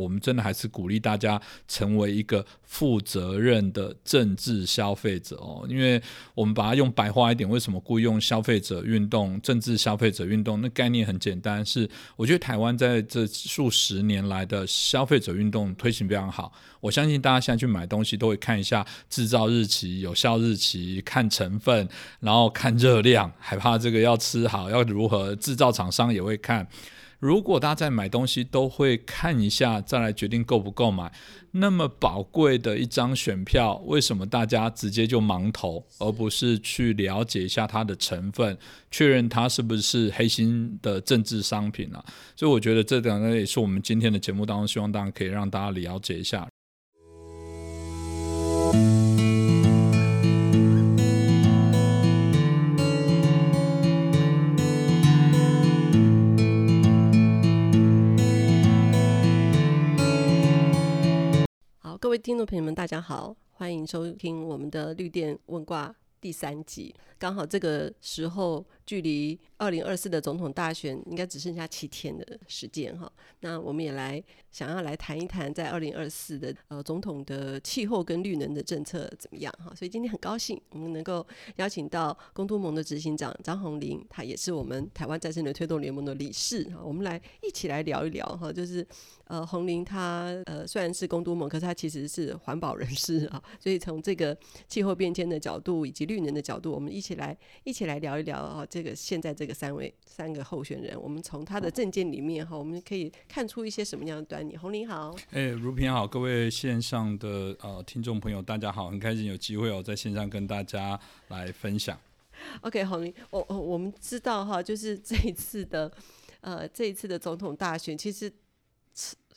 我們真的還是鼓勵大家成為一個負責任的政治消費者哦，因為我們把它用白話一點，為什麼故意用消費者運動、政治消費者運動？那概念很簡單，是我覺得台灣在這數十年來的消費者運動推行非常好。我相信大家現在去買東西都會看一下制造日期、有效日期，看成分，然後看熱量，害怕這個要吃好要如何，制造廠商也會看。如果大家在買東西都會看一下，再來決定購不購買，那麼寶貴的一張選票，為什麼大家直接就盲投，而不是去了解一下它的成分，確認它是不是黑心的政治商品呢、啊？所以我覺得這兩個也是我們今天的節目當中，希望大家可以讓大家了解一下。各位聽眾朋友們，大家好，歡迎收聽我們的《綠電問卦》第三集。剛好這個時候。距離二零二四的總統大選應該只剩下七天的時間哈，那我們也來想要來談一談在二零二四的呃總統的氣候跟綠能的政策怎麼樣哈，所以今天很高興我們能夠邀請到公督盟的執行長張宏林，他也是我們台灣再生能源推動聯盟的理事哈，我們來一起來聊一聊哈，就是呃宏林他呃雖然是公督盟，可是他其實是環保人士啊，所以從這個氣候變遷的角度以及綠能的角度，我們一起來一起來聊一聊啊這。這個現在這個三位三個候選人，我們從他的政見裡面哈，我們可以看出一些什麼樣的端倪？宏林好，哎、欸，如萍好，各位線上的呃聽眾朋友大家好，很開心有機會哦在線上跟大家來分享。OK，宏林，我、哦、我、哦、我們知道哈，就是這一次的呃這一次的總統大選，其實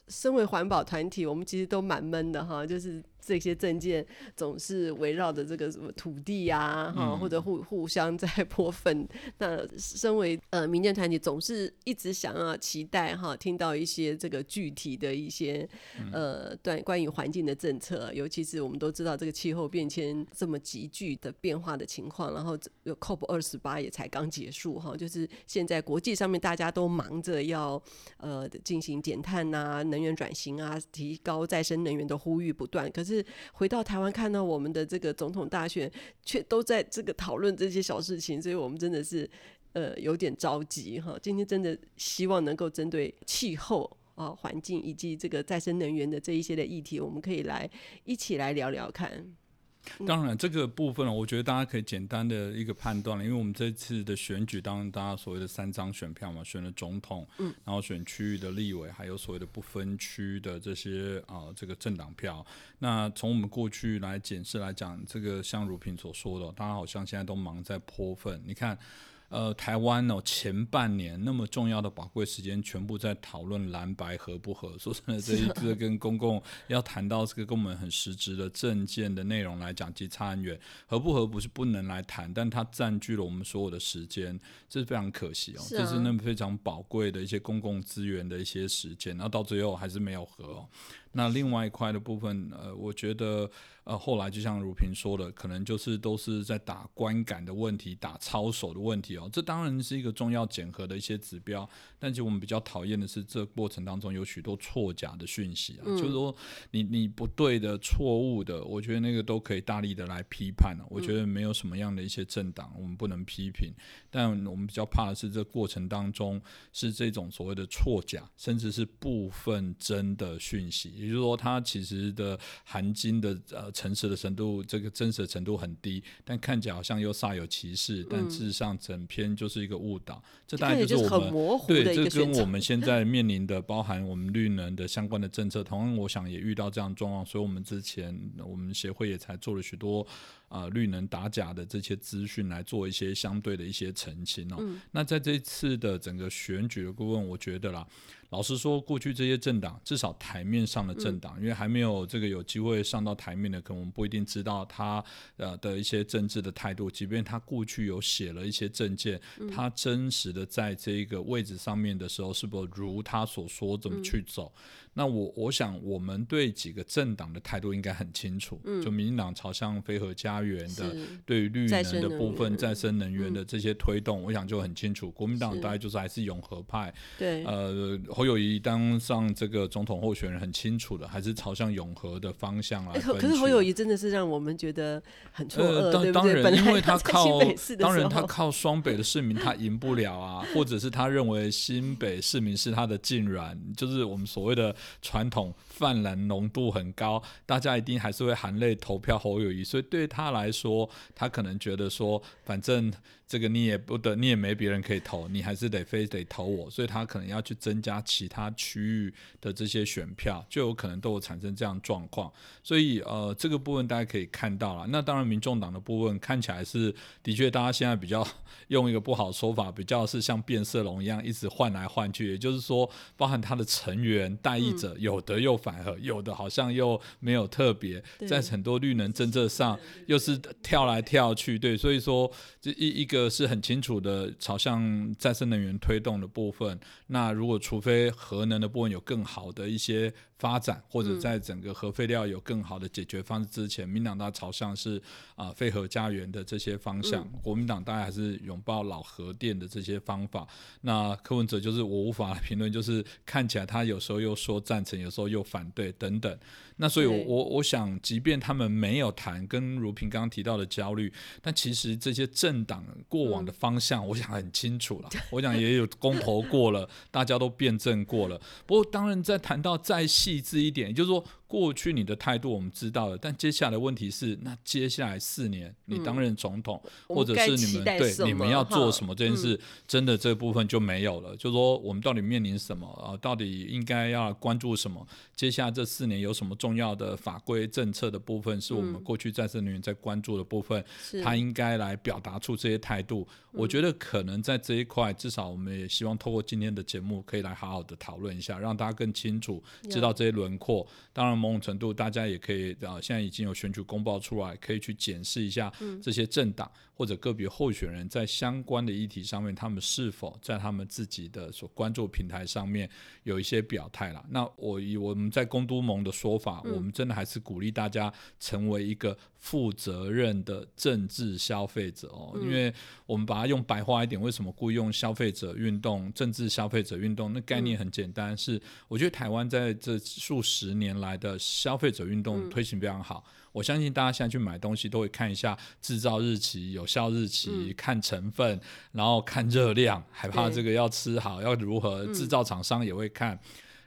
身為環保團體，我們其實都蠻悶的哈，就是。這些政見總是圍繞着這個什麼土地呀、啊、哈、嗯，或者互互相在潑糞。那身為呃民間團體，總是一直想要期待哈，聽到一些這個具體的一些呃對關於環境的政策，尤其是我們都知道這個氣候變遷這麼急劇的變化的情況，然後有 COP 二十八也才剛結束哈，就是現在國際上面大家都忙着要呃進行減碳吶，能源轉型啊，提高再生能源的呼籲不斷，可是。是回到台灣看到我們的這個總統大選，卻都在這個討論這些小事情，所以我們真的是呃有點着急哈。今天真的希望能夠針對氣候啊、環境以及這個再生能源的這一些的議題，我們可以來一起來聊聊看。當然，這個部分我覺得大家可以簡單的一個判斷了，因為我們這次的選舉，當中，大家所謂的三張選票嘛，選了總統，然後選區域的立委，還有所謂的不分區的這些啊，這個政黨票。那從我們過去來檢視來講，這個像如萍所說的，哦，大家好像現在都忙在潑糞，你看。呃，台灣哦，前半年那麼重要的寶貴時間，全部在討論藍白合不合。說真的，這一個跟公共要談到這個跟我們很實質的政見的內容來講，其實差很遠。合不合不是不能來談，但它佔據了我們所有的時間，這是非常可惜哦。是啊。這是那麼非常寶貴的一些公共資源的一些時間，然後到最後還是沒有合哦。那另外一塊的部分，呃，我覺得，呃，後來就像如萍說的，可能就是都是在打觀感的問題，打操守的問題哦。這當然是一個重要檢核的一些指標。但其實我們比較討厭的是，這過程當中有許多錯假的訊息啊，嗯、就是說你你不對的、錯誤的，我覺得那個都可以大力的來批判、啊、我覺得沒有什麼樣的一些政黨，我們不能批評。嗯、但我們比較怕的是，這過程當中是這種所謂的錯假，甚至是部分真的訊息。比如說，它其實的含金的呃誠實的程度，這個真實的程度很低，但看起來好像又煞有其事，但事實上整篇就是一個誤導。這大概就是我們對這跟我們現在面臨的包含我們綠能的相關的政策，同樣我想也遇到這樣狀況。所以，我們之前我們協會也才做了許多啊、呃、綠能打假的這些資訊來做一些相對的一些澄清哦、喔。那在這一次的整個選舉的部分，我覺得啦。老實說，過去這些政黨，至少檯面上的政黨，嗯、因為還沒有這個有機會上到檯面的，可能我們不一定知道他呃的一些政治的態度。即便他過去有寫了一些政見，嗯、他真實的在這個位置上面的時候，是不是如他所說怎麼去走？嗯、那我我想，我們對幾個政黨的態度應該很清楚。嗯、就民進黨朝向非核家園的，是對於綠能的部分、再生嗯、再生能源的這些推動，嗯、我想就很清楚。國民黨大概就是還是擁核派，對，呃。侯友宜當上這個總統候選人很清楚的，還是朝向永和的方向啊。可是侯友宜真的是讓我們覺得很錯愕、呃，當然，對不對，因為他靠當然他靠雙北的市民，他贏不了啊。 或者是他認為新北市民是他的禁臠，就是我們所謂的傳統。泛藍濃度很高，大家一定還是會含淚投票侯友宜，所以對他來說，他可能覺得說，反正這個你也不得，你也沒別人可以投，你還是得非得投我，所以他可能要去增加其他區域的這些選票，就有可能都有產生這樣狀況。所以呃，這個部分大家可以看到了。那當然，民眾黨的部分看起來是的確，大家現在比較用一個不好說法，比較是像變色龍一樣一直換來換去，也就是說，包含他的成員、代議者，有的又。反核，有的好像又沒有特別，在很多綠能政策上又是跳來跳去。對，所以說這一一個是很清楚的朝向再生能源推動的部分。那如果除非核能的部分有更好的一些發展，或者在整個核廢料有更好的解決方式之前，民黨它，朝向是啊非核家園的這些方向，國民黨大概還是擁抱老核電的這些方法。那柯文哲就是我無法評論，就是看起來他有時候又說贊成，有時候又。反對等等，那所以我，我我我想，即便他們沒有談跟如萍剛剛提到的焦慮，但其實這些政黨過往的方向，我想很清楚了。我想也有公投過了， 大家都辯證過了。不過，當然再談到再細緻一點，也就是說。過去你的態度我們知道了，但接下來的問題是，那接下來四年你擔任總統，嗯、或者是你們，們對你們要做什麼這件事，嗯、真的這部分就沒有了。就是說我們到底面臨什麼啊、呃？到底應該要關注什麼？接下來這四年有什麼重要的法規政策的部分，是我們過去再生能源在關注的部分，他、嗯、應該來表達出這些態度。是我覺得可能在這一塊，至少我們也希望透過今天的節目，可以來好好的討論一下，讓大家更清楚知道這些輪廓。嗯、當然。某種程度，大家也可以啊，現在已經有選舉公報出來，可以去檢視一下這些政黨。嗯或者個別候選人在相關的議題上面，他們是否在他們自己的所關注平台上面有一些表態了？那我以我們在公督盟的說法，嗯、我們真的還是鼓勵大家成為一個負責任的政治消費者哦，嗯、因為我們把它用白話一點，為什麼故意用消費者運動、政治消費者運動？那概念很簡單，嗯、是我覺得台灣在這數十年來的消費者運動推行非常好。嗯我相信大家現在去買東西都會看一下製造日期、有效日期，嗯、看成分，然後看熱量，害怕這個要吃好對要如何。製造廠商也會看。嗯、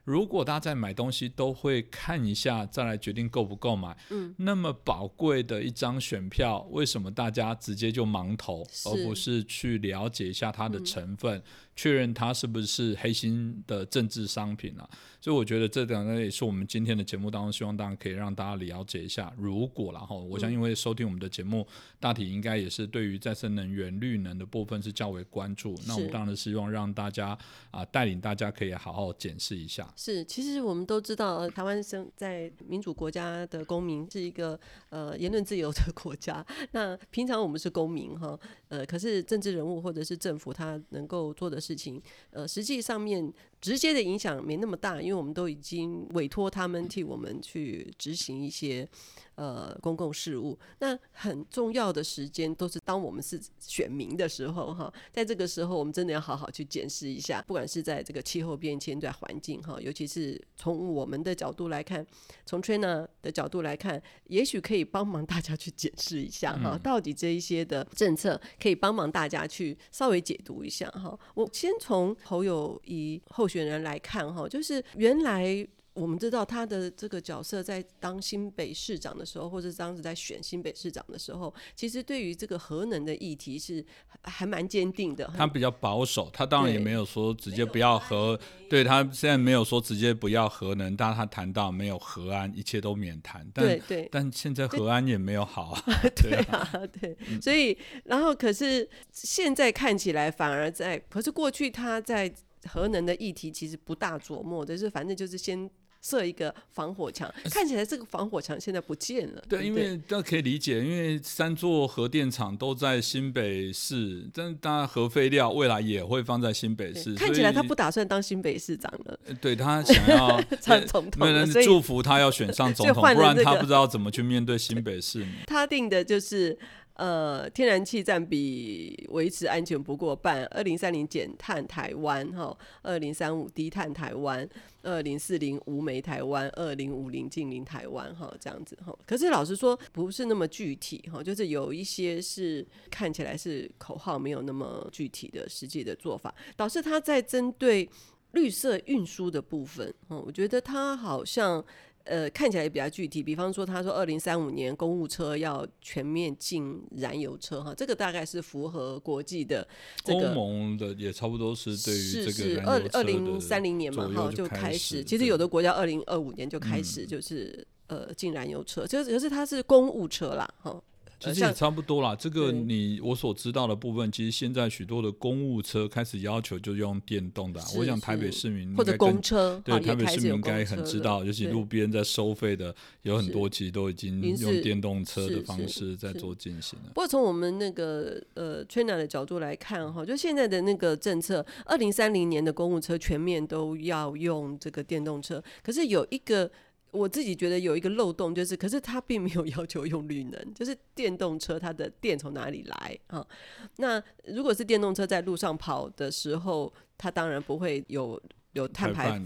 如果大家在買東西都會看一下，再來決定購不購買。嗯、那麼寶貴的一張選票，為什麼大家直接就盲投，是而不是去了解一下它的成分？嗯確認它是不是黑心的政治商品啊？所以我覺得這兩個也是我們今天的節目當中，希望大家可以讓大家了解一下。如果然後我想因為收聽我們的節目，嗯、大體應該也是對於再生能源、綠能的部分是較為關注。是那我們當然希望讓大家啊、呃，帶領大家可以好好檢視一下。是，其實我們都知道、呃，台灣生在民主國家的公民是一個呃言論自由的國家。那平常我們是公民哈，呃，可是政治人物或者是政府，他能夠做的。事情，呃，實際上面，直接的影響沒那麼大，因為我們都已經委托他們替我們去執行一些呃公共事務。那很重要的時間都是當我們是選民的時候哈，在這個時候我們真的要好好去檢視一下，不管是在這個氣候變遷、在環境哈，尤其是從我們的角度來看，從 TRENA 的角度來看，也許可以幫忙大家去檢視一下哈，到底這一些的政策可以幫忙大家去稍微解讀一下哈。嗯、我先從侯友宜，侯候選人來看哈，就是原來我們知道他的這個角色在當新北市長的時候，或者當時在選新北市長的時候，其實對於這個核能的議題是還蠻堅定的。他比較保守，他當然也沒有說直接不要核，對，對，對他現在沒有說直接不要核能，但他談到沒有核安，一切都免談。對對，但現在核安也沒有好啊。對，對，啊對啊，對，嗯、所以然後可是現在看起來反而在，可是過去他在。核能的議題其實不大琢磨，就是反正就是先設一個防火牆。看起來這個防火牆現在不見了。對，對因為這可以理解，因為三座核電廠都在新北市，但當然核廢料未來也會放在新北市。對以看起來他不打算當新北市長了。對，他想要當 總統，祝福他要選上總統，這個、不然他不知道怎麼去面對新北市。他定的就是。呃，天然氣占比維持安全不過半，二零三零減碳台灣哈，二零三五低碳台灣，二零四零無煤台灣，二零五零淨零台灣哈，這樣子哈。可是老實說，不是那麼具體哈，就是有一些是看起來是口號，沒有那麼具體的實際的做法，導致它在針對綠色運輸的部分，嗯，我覺得它好像。呃，看起來也比較具體，比方說他說二零三五年公務車要全面禁燃油車哈，這個大概是符合國際的、這個。歐盟的也差不多是對於這個燃油車的。是是，二二零三零年嘛哈就開始，其實有的國家二零二五年就開始就是、嗯、呃禁燃油車，就是可是它是公務車啦哈。其實也差不多啦，這個你我所知道的部分，其實現在許多的公務車開始要求就用電動的、啊。是是 我想台北市民或者公車對台北市民應該很知道，尤其路邊在收費的有很多，其實都已經用電動車的方式在做進行了。是是 不過從我們那個呃 TRENA 的角度來看哈，就現在的那個政策，二零三零年的公務車全面都要用這個電動車，可是有一個。我自己覺得有一個漏洞就是，可是他並沒有要求用綠能，就是電動車它的電從哪裡來啊、哦？那如果是電動車在路上跑的時候，它當然不會有有碳排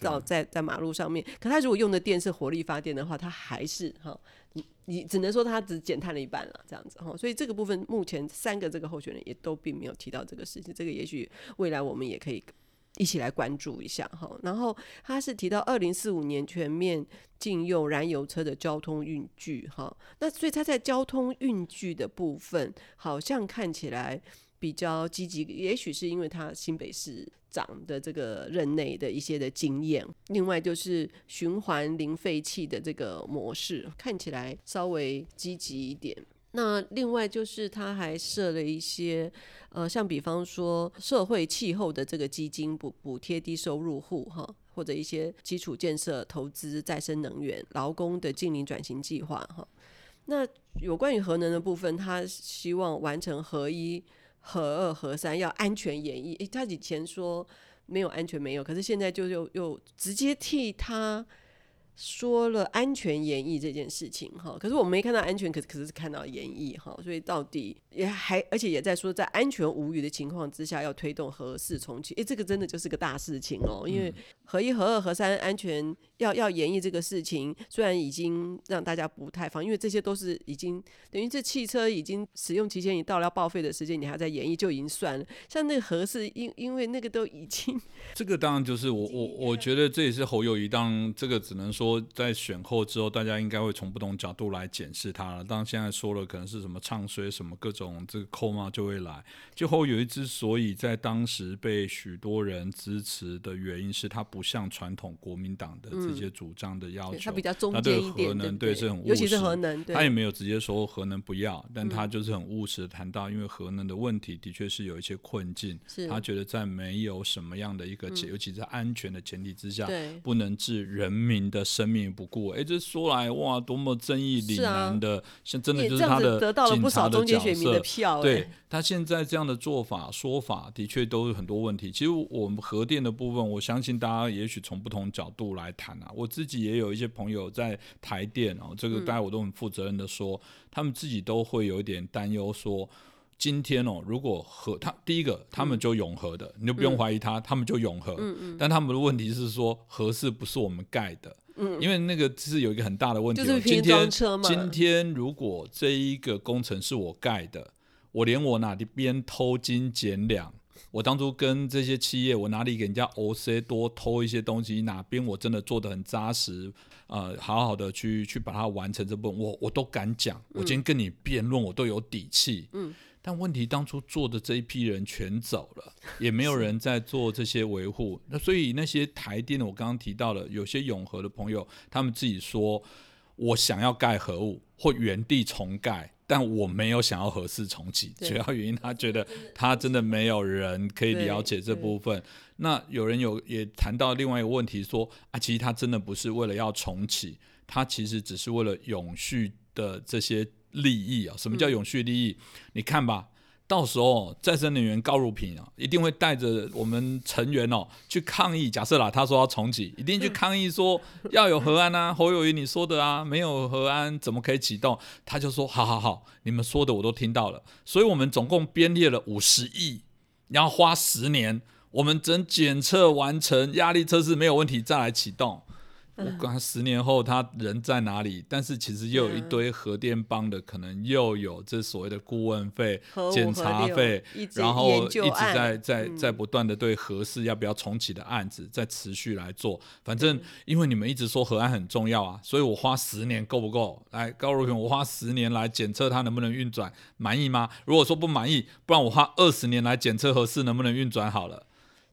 放，在在馬路上面。可它如果用的電是火力發電的話，它還是哈、哦，你你只能說它只減碳了一半了這樣子哈、哦。所以這個部分目前三個這個候選人也都並沒有提到這個事情，這個也許未來我們也可以。一起來關注一下哈，然後他是提到二零四五年全面禁用燃油車的交通運具哈，那所以他在交通運具的部分好像看起來比較積極，也許是因為他新北市長的這個任內的一些的經驗，另外就是循環零廢棄的這個模式看起來稍微積極一點。那另外就是，他還設了一些，呃，像比方說社會氣候的這個基金補補貼低收入戶哈，或者一些基礎建設投資、再生能源、勞工的淨零轉型計劃哈。那有關於核能的部分，他希望完成核一、核二、核三要安全延役。哎，他以前說沒有安全沒有，可是現在就又又直接替他。說了安全延役這件事情哈，可是我沒看到安全，可是可是看到延役哈，所以到底也還而且也在說，在安全無虞的情況之下，要推動核四重啟。哎，這個真的就是個大事情哦，因為核一、核二、核三安全要要延役這個事情，雖然已經讓大家不太放，因為這些都是已經等於這汽車已經使用期間，你到了要報廢的時間，你還在延役就已經算了，像那個核四因因為那個都已經，這個當然就是我我我覺得這也是侯友宜當，當這個只能說。說在選後之後，大家應該會從不同角度來檢視他了。當現在說了，可能是什麼唱衰什麼各種這個扣帽就會來。最後有一之所以在當時被許多人支持的原因是，他不像傳統國民黨的這些主張的要求，嗯、他比較中立一點。對對對，尤其是核能，他也沒有直接說核能不要，但他就是很務實的談到，因為核能的問題的確是有一些困境。是，他覺得在沒有什麼樣的一個，嗯、尤其是安全的前提之下，對不能置人民的生命不顧，誒、欸，這說來哇，多麼正義凜然的！啊、像真的就是他的警察的角色，欸、得到了不少中間選民的票，欸，對他現在這樣的做法說法，的確都有很多問題。其實我們核電的部分，我相信大家也許從不同角度來談啊。我自己也有一些朋友在台電哦，這個大家我都很負責任的說，嗯、他們自己都會有一點擔憂，說今天哦，如果核他第一個他們就擁核的，你就不用懷疑他，他們就擁核，但他們的問題是說核是不是我們蓋的？嗯，因為那個是有一個很大的問題。就是今天，今天如果這一個工程是我蓋的，我連我哪裡邊偷斤減兩，我當初跟這些企業，我哪裡給人家 O C 多偷一些東西，哪邊我真的做得很扎實，呃，好好的去去把它完成這部分，我我都敢講，我今天跟你辯論，我都有底氣。嗯。嗯。但問題當初做的這一批人全走了，也沒有人在做這些維護。那是所以那些台電的，我剛剛提到了，有些永和的朋友，他們自己說，我想要蓋核武或原地重蓋，但我沒有想要核四重啟，對主要原因他覺得他真的沒有人可以了解這部分。那有人有也談到另外一個問題說，說啊，其實他真的不是為了要重啟，他其實只是為了永續的這些。利益啊，什麼叫永續利益？嗯、你看吧,到時候哦、再生能源高茹萍啊，一定會帶着我們成員哦去抗議。假設啦，他說要重啟，一定去抗議說要有核安啊。侯友宜你說的啊，沒有核安怎麼可以啟動？他就說好好好，你們說的我都聽到了。所以我們總共編列了五十億，然後花十年，我們整檢測完成，壓力測試沒有問題，再來啟動。我管十年後他人在哪裡，但是其實又有一堆核電幫的，可能又有這所謂的顧問費、檢查費，然後一直在在在不斷的對核四要不要重啟的案子在持續來做。反正因為你們一直說核安很重要啊，所以我花十年夠不夠？來高如平，我花十年來檢測它能不能運轉，滿意嗎？如果說不滿意，不然我花二十年來檢測核四能不能運轉好了。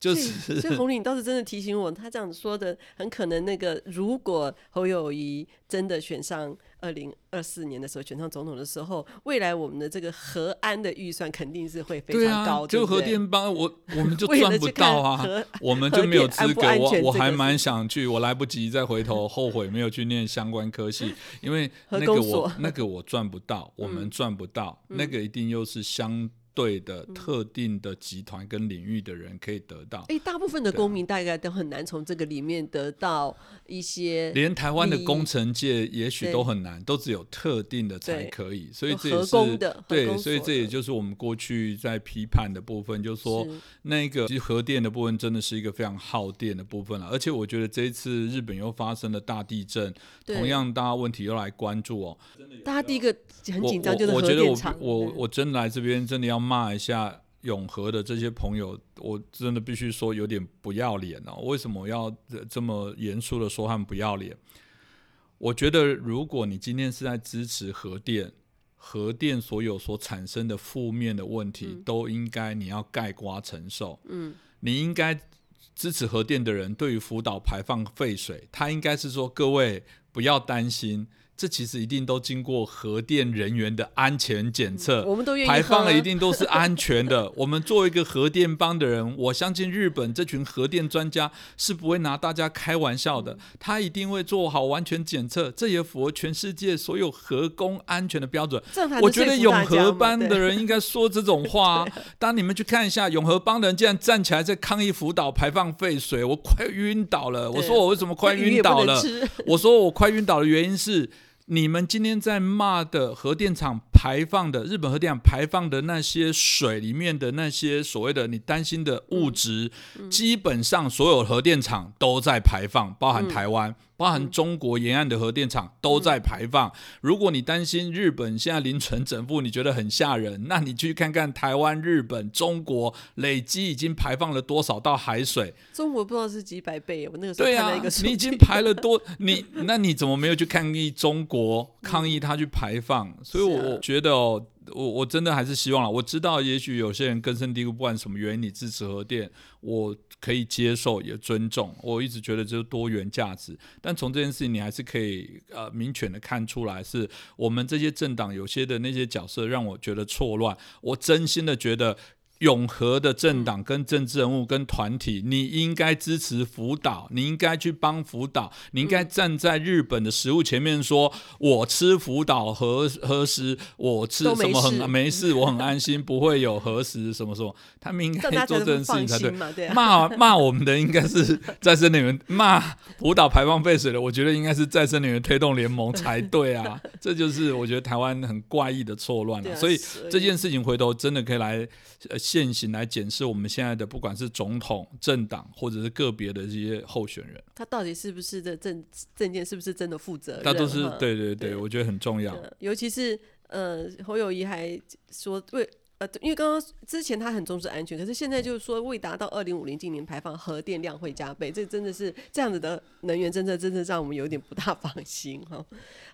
就是，所以宏林倒是真的提醒我，他這樣說的，很可能那個如果侯友宜真的選上二零二四年的時候選上總統的時候，未來我們的這個核安的預算肯定是會非常高。對、啊、就核電幫我，我們就賺不到啊，我們就沒有資格。安安我我還蠻想去，我來不及再回頭 後悔沒有去念相關科系，因為那個我那個我賺不到，我們賺不到，嗯、那個一定又是相。嗯對的，特定的集團跟領域的人可以得到。哎、嗯，欸，大部分的公民大概都很難從這個裡面得到一些。連台灣的工程界也許都很難，對都只有特定的才可以。對所以這也是對，所以這也就是我們過去在批判的部分，是就是說那個其實核電的部分真的是一個非常耗電的部分了。而且我覺得這一次日本又發生了大地震，對同樣大家問題又來關注哦、喔。真的大家第一個很緊張就是核電廠，我覺得我，我，我真的來這邊真的要罵一下擁核的這些朋友，我真的必須說有點不要臉了、啊。為什麼要這麼嚴肅的說他們不要臉？我覺得如果你今天是在支持核電，核電所有所產生的負面的問題，都應該你要概括承受。嗯、你應該支持核電的人，對於福島排放廢水，他應該是說，各位不要擔心。這其實一定都經過核電人員的安全檢測，嗯、我們都願意排放的一定都是安全的。 我們作為一個核電幫的人，我相信日本這群核電專家是不會拿大家開玩笑的，嗯、他一定會做好完全檢測，這也符合全世界所有核工安全的標準。我覺得永和班的人應該說這種話、啊。對當你們去看一下，永和幫的人竟然站起來在抗議福島排放廢水，我快暈倒了。啊、我說我為什麼快暈倒了？啊、我說我快暈倒的原因是。你們今天在罵的核電廠。排放的日本核電廠排放的那些水裡面的那些所謂的你擔心的物質，嗯、基本上所有核電廠都在排放，嗯、包含台灣，嗯、包含中國沿岸的核電廠都在排放。嗯、如果你擔心日本現在零存整付你覺得很嚇人，嗯、那你去看看台灣、日本、中國累積已經排放了多少到海水。中國不知道是幾百倍，我那個時候個對、啊、你已經排了多， 你那你怎麼沒有去抗議中國、嗯、抗議它去排放？所以我我、啊。覺得哦，我我真的還是希望了。我知道，也許有些人根深蒂固，不管什麼原因，你支持核電，我可以接受，也尊重。我一直覺得這是多元價值。但從這件事情，你還是可以呃明確的看出來，是我們這些政黨有些的那些角色，讓我覺得錯亂。我真心的覺得。永和的政黨跟政治人物跟團體、嗯，你，你應該支持福島，你應該去幫福島，你應該站在日本的食物前面說，說、嗯、我吃福島核核食，我吃什麼很沒事，沒事，嗯、我很安心，嗯、不會有核食什麼什麼。他們應該做這件事情才對。罵罵、啊、我們的應該是再生能源罵福島排放廢水的，我覺得應該是再生能源推動聯盟才對啊。 這就是我覺得台灣很怪異的錯亂了。啊、所以所以這件事情回頭真的可以來。現行來檢視我們現在的不管是總統、政黨或者是個別的這些候選人，他到底是不是的政、政見，是不是真的負責？他都是對對對，對我覺得很重要。呃、尤其是呃，侯友宜還說為呃，因為剛剛之前他很重視安全，可是現在就是說未、嗯、達到二零五零淨零排放，核電量會加倍，這真的是這樣子的能源政策，真的讓我們有點不大放心哈、哦。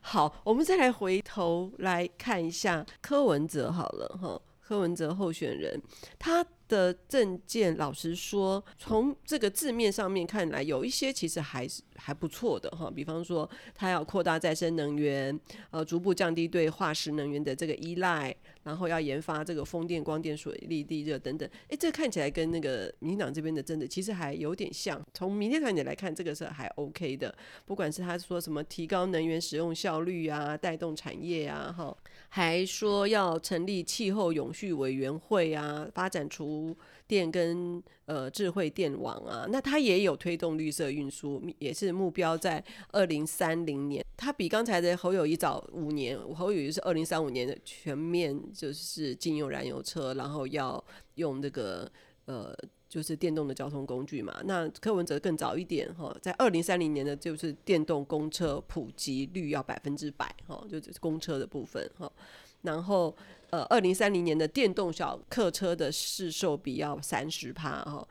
好，我們再來回頭來看一下柯文哲好了哈。哦柯文哲候選人，他的政見老實說，從這個字面上面看來，有一些其實還是還不錯的哈，比方說，他要擴大再生能源，呃，逐步降低對化石能源的這個依賴。然後要研發這個風電、光電、水力、地熱等等，哎，這看起來跟那個民進黨這邊的真的其實還有點像。從民間團體來看，這個是還 OK 的。不管是他說什麼提高能源使用效率啊，帶動產業啊，哈，還說要成立氣候永續委員會啊，發展出電跟呃智慧電網啊，那他也有推動綠色運輸，也是目標在二零三零年。他比剛才的侯友宜早五年，侯友宜是二零三五年的全面。就是禁用燃油車，然後要用那、這個呃，就是電動的交通工具嘛。那柯文哲更早一點哈，在二零三零年的就是電動公車普及率要百分之百哈，就是、公車的部分哈。然後呃，二零三零年的電動小客車的市售比要三十趴哈，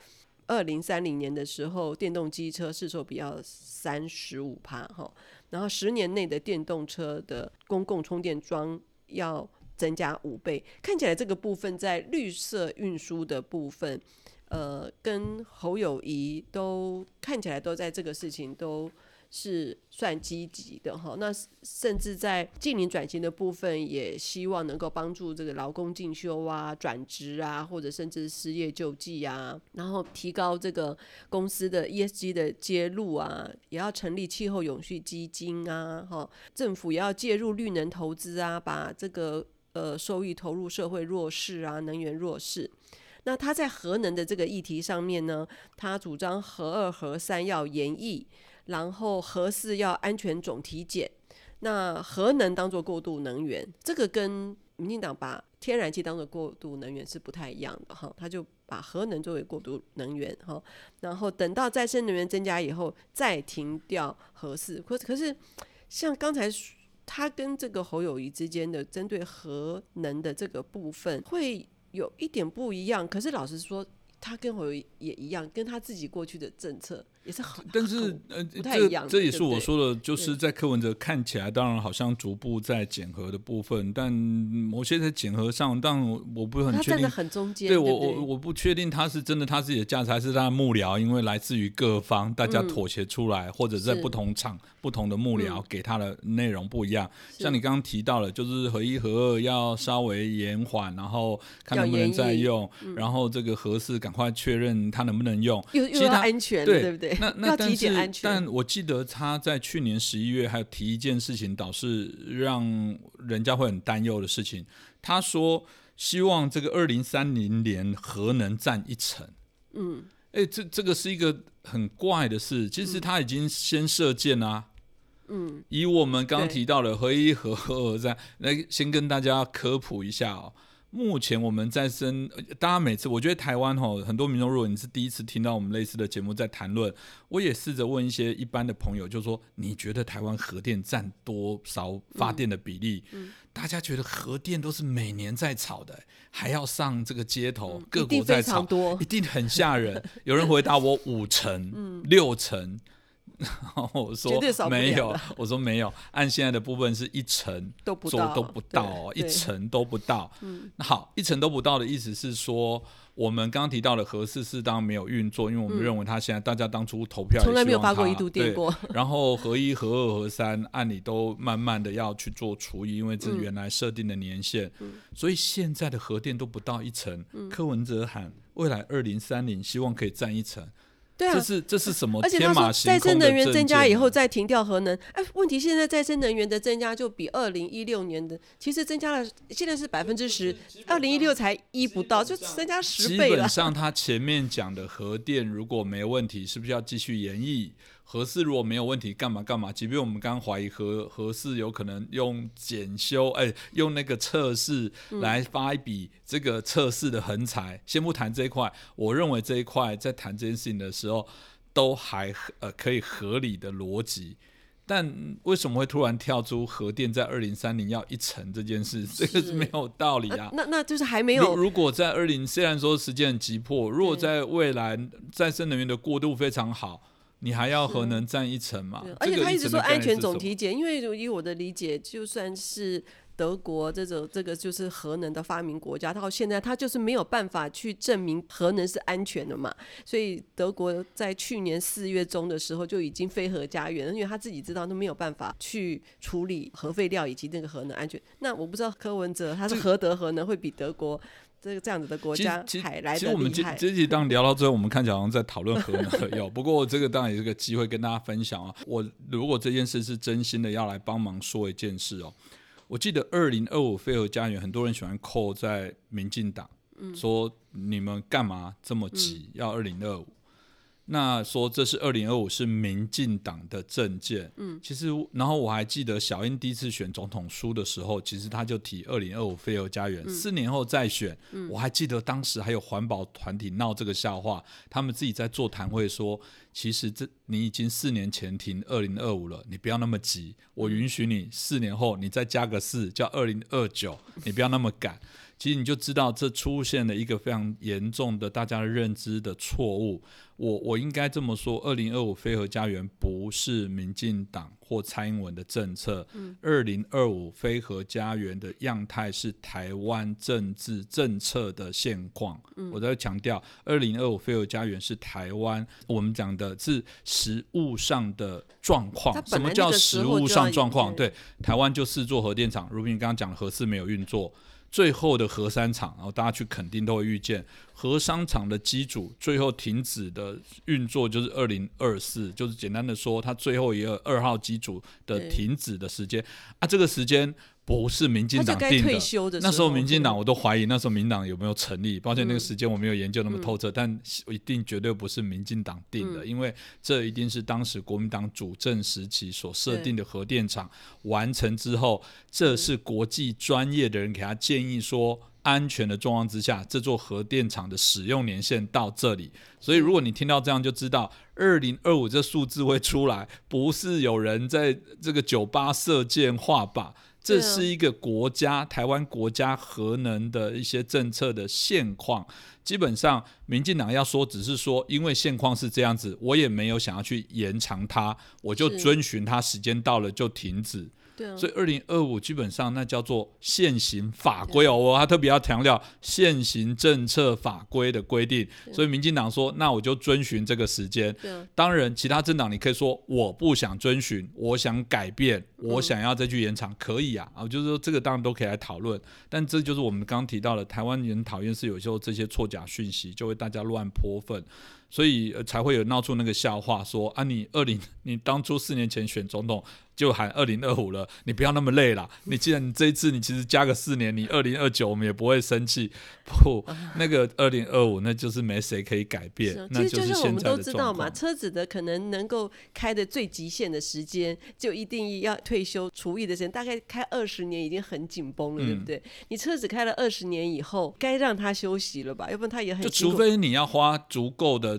二零三零年的時候電動機車市售比要三十五趴哈。然後十年內的電動車的公共充電樁要增加五倍，看起來這個部分在綠色運輸的部分，呃，跟侯友宜都看起來都在這個事情都是算積極的哈。那甚至在近年轉型的部分，也希望能夠幫助這個勞工進修啊、轉職啊，或者甚至失業救濟啊，然後提高這個公司的 ESG 的揭露啊，也要成立氣候永續基金啊，哈，政府也要介入綠能投資啊，把這個。呃，收益投入社會弱勢啊，能源弱勢。那他在核能的這個議題上面呢，他主張核二核三要延役，然後核四要安全總體檢。那核能當做過渡能源，這個跟民進黨把天然氣當做過渡能源是不太一樣的哈。他就把核能作為過渡能源哈，然後等到再生能源增加以後再停掉核四。可可是，像剛才。他跟這個侯友宜之間的針對核能的這個部分會有一點不一樣，可是老實說，他跟侯友宜也一樣，跟他自己過去的政策。也是很，但是呃，這這也是我說的，就是在柯文哲看起來，當然好像逐步在檢核的部分，但某些在檢核上，但我不很確定，很中間，對，我我我不確定他是真的他自己的價值還是他的幕僚，因為來自於各方，大家妥協出來，或者在不同場不同的幕僚給他的內容不一樣。像你剛剛提到了，就是核一核二要稍微延緩，然後看能不能再用，然後這個核四趕快確認他能不能用，又又他安全，對不對？那那但是，但我記得他在去年十一月還提一件事情，倒是讓人家會很擔憂的事情。他說希望這個二零三零年核能占一成。嗯，誒，這這個是一個很怪的事。其實他已經先射箭啊。嗯，以我們剛剛提到的核一核二三，對來先跟大家科普一下哦。目前我們在生，大家每次，我覺得台灣吼很多民眾，如果你是第一次聽到我們類似的節目在談論，我也試着問一些一般的朋友就，就是說你覺得台灣核電占多少發電的比例？嗯嗯、大家覺得核電都是每年在吵的，還要上這個街頭，嗯、各國在吵，一定,一定很嚇人。 有人回答我五成，六成。嗯 我說沒有，了了我說沒有，按現在的部分是一成都都不到，一成都不到。那、嗯、好，一成都不到的意思是說，我們剛剛提到的核四,四，是當然沒有運作，因為我們認為他現在、嗯、大家當初投票也它從來沒有發過一度電過。然後核一、核二、核三，按理都慢慢的要去做除役，因為這是原來設定的年限。嗯、所以現在的核電都不到一成。嗯、柯文哲喊未來二零三零，希望可以占一成。對啊，這是這是什麼？而且他說再生能源增加以後再停掉核能，哎，問題現在再生能源的增加就比二零一六年的其實增加了，現在是百分之十，二零一六才一不到就增加十倍了。基本上他前面講的核電如果沒問題，是不是要繼續延役？核四如果沒有問題，幹嘛幹嘛？即便我們剛剛懷疑核核四有可能用檢修，哎、欸，用那個測試來發一筆這個測試的橫財，嗯、先不談這一塊，我認為這一塊在談這件事情的時候都還呃可以合理的邏輯。但為什麼會突然跳出核電在二零三零要一成這件事？是這個是沒有道理啊。呃、那那就是還沒有。如果在二零，雖然說時間很急迫，如果在未來再生能源的過渡非常好。你還要核能占一成嘛是、嗯一？而且他一直說安全總體檢，因為以我的理解，就算是德國這種這個就是核能的發明國家，到現在他就是沒有辦法去證明核能是安全的嘛。所以德國在去年四月中的時候就已經非核家園，因為他自己知道他沒有辦法去處理核廢料以及那個核能安全。那我不知道柯文哲他是何德何能會比德國這個這樣子的國家來的，其實我們今這集當聊到最後， 我們看起來好像在討論核能。有不過，這個當然也是個機會跟大家分享啊。我如果這件事是真心的，要來幫忙說一件事哦。我記得二零二五廢核家園，很多人喜歡扣在民進黨，嗯、說你們幹嘛這麼急要二零二五？嗯那說這是二零二五是民進黨的政見，嗯，其實然後我還記得小英第一次選總統輸的時候，其實他就提二零二五廢核家園，嗯、四年後再選。嗯、我還記得當時還有環保團體鬧這個笑話，他們自己在座談會說，其實這你已經四年前停二零二五了，你不要那麼急，我允許你四年後你再加個四，叫二零二九，你不要那麼趕。 其實你就知道，這出現了一個非常嚴重的大家認知的錯誤。我我應該這麼說：，二零二五非核家園不是民進黨或蔡英文的政策。二零二五非核家園的樣態是台灣政治政策的現況。嗯、我在強調，二零二五非核家園是台灣，我們講的是實物上的狀況。什麼叫實物上狀況？對，台灣就四座核電廠。如果你剛剛講的核四沒有運作。最後的核三廠，然後大家去肯定都會預見核三廠的機組最後停止的運作就是二零二四，就是簡單的說，它最後一個二號機組的停止的時間對 啊，這個時間。不是民進黨定的，那時候民進黨我都懷疑那時候民黨有沒有成立，抱歉那個時間我沒有研究那麼透徹，但一定絕對不是民進黨定的，因為這一定是當時國民黨主政時期所設定的核電廠完成之後，這是國際專業的人給他建議說安全的狀況之下，這座核電廠的使用年限到這裡，所以如果你聽到這樣就知道二零二五這數字會出來，不是有人在這個酒吧射箭畫靶。這是一個國家，台灣國家核能的一些政策的現況。基本上，民進黨要說，只是說，因為現況是這樣子，我也沒有想要去延長它，我就遵循它，時間到了就停止。對啊、所以二零二五基本上那叫做現行法規哦，我還特別要強調現行政策法規的規定。所以民進黨說，那我就遵循這個時間。當然，其他政黨你可以說我不想遵循，我想改變，我想要再去延長，可以啊。啊，就是說這個當然都可以來討論。但這就是我們剛剛提到的，台灣人討厭是有時候這些錯假訊息就會大家亂潑糞。所以才會有鬧出那個笑話說，說啊，你二零你當初四年前選總統就喊二零二五了，你不要那麼累了。你既然你這一次你其實加個四年，你二零二九我們也不會生氣。不，那個二零二五那就是沒誰可以改變，啊、那就是現在的狀況。我們都知道嘛，車子的可能能夠開的最極限的時間，就一定要退休除役的時間，大概開二十年已經很緊繃了，嗯、對不對？你車子開了二十年以後，該讓他休息了吧？要不然他也很就除非你要花足夠的。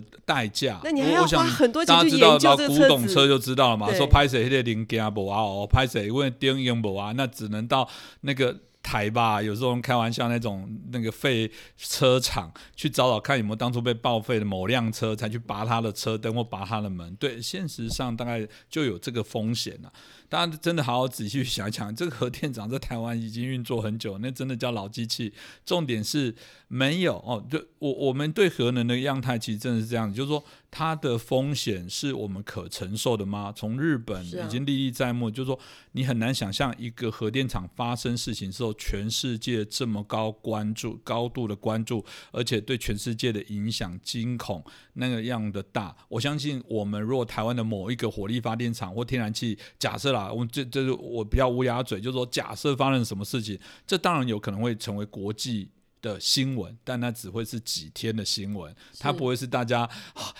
代價，我我想，大家知道到古董車就知道了嘛。對說拍謝、喔、的零件無啊，哦，拍謝因為燈用無啊，那只能到那個台吧。有時候開玩笑，那種那個廢車場去找找，看有沒有當初被報廢的某輛車，才去拔他的車燈或拔他的門。對，現實上大概就有這個風險了、啊。大家真的好好仔細想想，這個核電廠在台灣已經運作很久，那真的叫老機器。重點是沒有哦，就我我們對核能的樣態其實真的是這樣，就是說它的風險是我們可承受的嗎？從日本已經歷歷在目，是啊，就是說你很難想象一個核電廠發生事情之後，全世界這麼高關注、高度的關注，而且對全世界的影響驚恐那個樣的大。我相信我們如果台灣的某一個火力發電廠或天然氣，假設啊，我這這是我比較烏鴉嘴，就是說假設發生什麼事情，這當然有可能會成為國際的新聞，但那只會是幾天的新聞，它不會是大家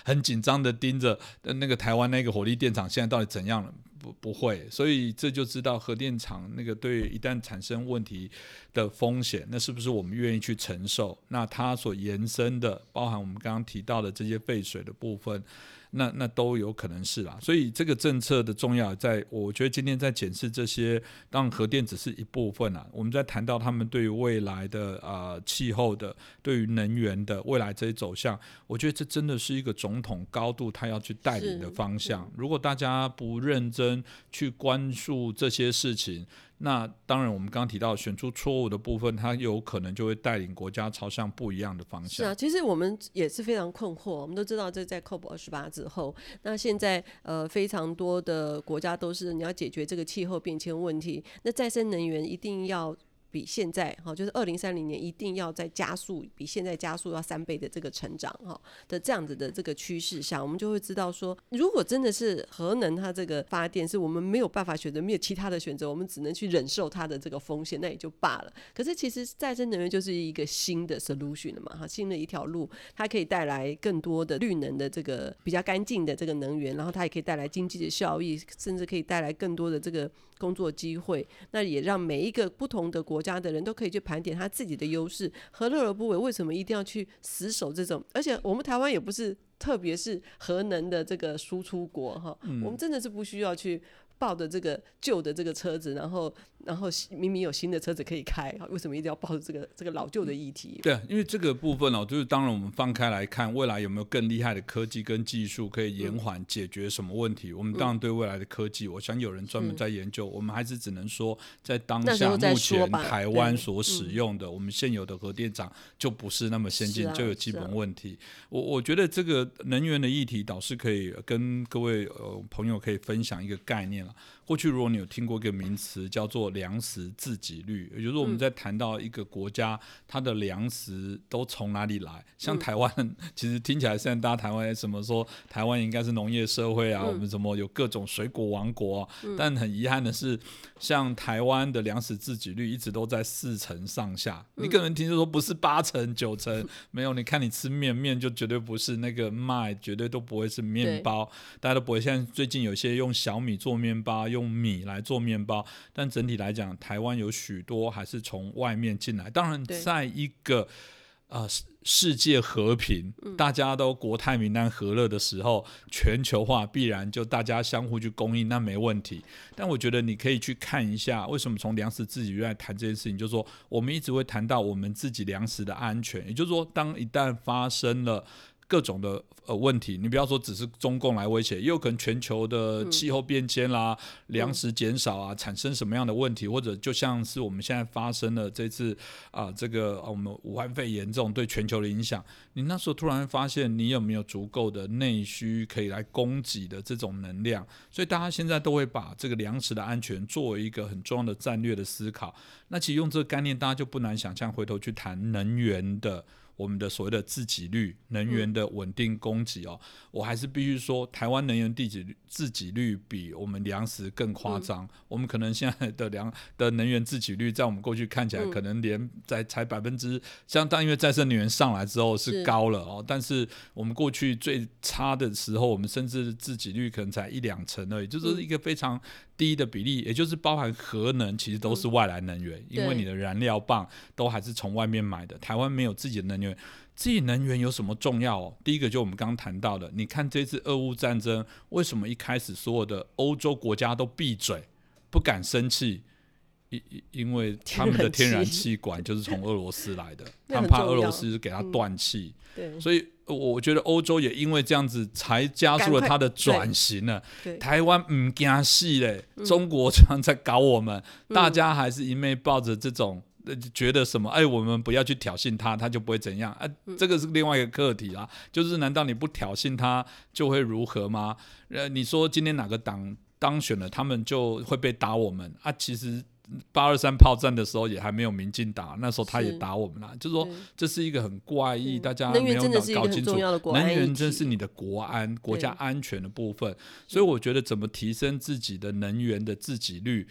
很緊張的盯着那個台灣那個火力電廠現在到底怎樣了，不不會，所以這就知道核電廠那個對一旦產生問題的風險，那是不是我們願意去承受？那它所延伸的，包含我們剛剛提到的這些廢水的部分。那那都有可能是啦、啊，所以這個政策的重要在，在我覺得今天在檢視這些，當然核電只是一部分啦、啊。我們在談到他們對於未來的啊呃、氣候的，對於能源的未來這些走向，我覺得這真的是一個總統高度他要去帶領的方向。嗯、如果大家不認真去關注這些事情，那當然，我們剛剛提到選出錯誤的部分，它有可能就會帶領國家朝向不一樣的方向。是啊，其實我們也是非常困惑。我們都知道，這在 COP 二十八之後，那現在呃非常多的國家都是你要解決這個氣候變遷問題，那再生能源一定要。比現在哈，就是二零三零年一定要再加速，比現在加速要三倍的這個成長哈，在的這樣子的這個趨勢下，我們就會知道說，如果真的是核能，它這個發電是我們沒有辦法選擇，沒有其他的選擇，我們只能去忍受它的這個風險，那也就罷了。可是其實再生能源就是一個新的 solution 了嘛，哈，新的一條路，它可以帶來更多的綠能的這個比較乾淨的這個能源，然後它也可以帶來經濟的效益，甚至可以帶來更多的這個。工作機會，那也讓每一個不同的國家的人都可以去盤點他自己的優勢，何樂而不為？為什麼一定要去死守這種？而且我們台灣也不是特別是核能的這個輸出國哈，嗯、我們真的是不需要去抱着這個舊的這個車子，然後。然後明明有新的車子可以開，為什麼一定要抱着這個這個老舊的議題？對，因為這個部分哦，就是當然我們放開來看，未來有沒有更厲害的科技跟技術可以延緩解決什麼問題？嗯、我們當然對未來的科技，我想有人專門在研究。嗯、我們還是只能說，在當下、嗯、目前、嗯、台灣所使用的、嗯、我們現有的核電廠就不是那麼先進，啊、就有基本問題。啊、我我覺得這個能源的議題，倒是可以跟各位呃朋友可以分享一個概念了。過去，如果你有聽過一個名詞叫做糧食自給率，也就是說我們在談到一個國家、嗯、它的糧食都從哪裡來。像台灣，嗯、其實聽起來現在大家台灣什麼說台灣應該是農業社會啊，嗯、我們什麼有各種水果王國、啊。嗯、但很遺憾的是，像台灣的糧食自給率一直都在四成上下。你可能聽說不是八成九成，嗯、沒有。你看你吃麵，麵就絕對不是那個麥，絕對都不會是麵包，對大家都不會。現在最近有些用小米做麵包，用用米來做面包，但整體來講，台灣有許多還是從外面進來。當然，在一個對呃世界和平，大家都國泰民安、和樂的時候，嗯、全球化必然就大家相互去供應，那沒問題。但我覺得你可以去看一下，為什麼從糧食自己來談這件事情，就是說我們一直會談到我們自己糧食的安全，也就是說，當一旦發生了。各種的呃問題，你不要說只是中共來威脅，也有可能全球的氣候變遷啦、啊、糧、嗯、食減少啊，產生什麼樣的問題，嗯、或者就像是我們現在發生的這次啊、呃，這個、呃、我們武漢肺炎嚴重對全球的影響，你那時候突然發現你有沒有足夠的內需可以來供給的這種能量，所以大家現在都會把這個糧食的安全作為一個很重要的戰略的思考。那其實用這個概念，大家就不難想象回頭去談能源的。我們的所謂的自給率，能源的穩定供給哦，嗯、我還是必須說，台灣能源自給率自給率比我們糧食更誇張。嗯、我們可能現在的糧的能源自給率，在我們過去看起來，可能連在、嗯、才百分之，相當因為再生能源上來之後是高了哦，是、但是我們過去最差的時候，我們甚至自給率可能才一兩成而已，就是一個非常。嗯第一的比例，也就是包含核能，其實都是外來能源，嗯、因為你的燃料棒都還是從外面買的。對台灣沒有自己的能源，自己能源有什麼重要？哦，第一個就我們剛剛談到的，你看這次俄烏戰爭，為什麼一開始所有的歐洲國家都閉嘴，不敢生氣？因因為他們的天然氣管就是從俄羅斯來的，然他，他們怕俄羅斯給他斷氣，嗯、對所以。我覺得歐洲也因為這樣子，才加速了他的轉型了。對，對。台灣唔驚死嘞，中國常常在搞我們，嗯、大家還是一昧抱着這種覺得什麼？哎，我們不要去挑釁他，他就不會怎樣。哎、啊，這個是另外一個課題啦、啊。就是難道你不挑釁他就會如何嗎？呃，你說今天哪個黨當選了，他們就會被打我們？啊，其實。八二三炮戰的時候也還沒有民進黨，那時候他也打我們了，是就是說這是一個很怪異，對大家沒有搞清楚。能源真,是,能源真是你的國安對國家安全的部分，所以我覺得怎麼提升自己的能源的自給率，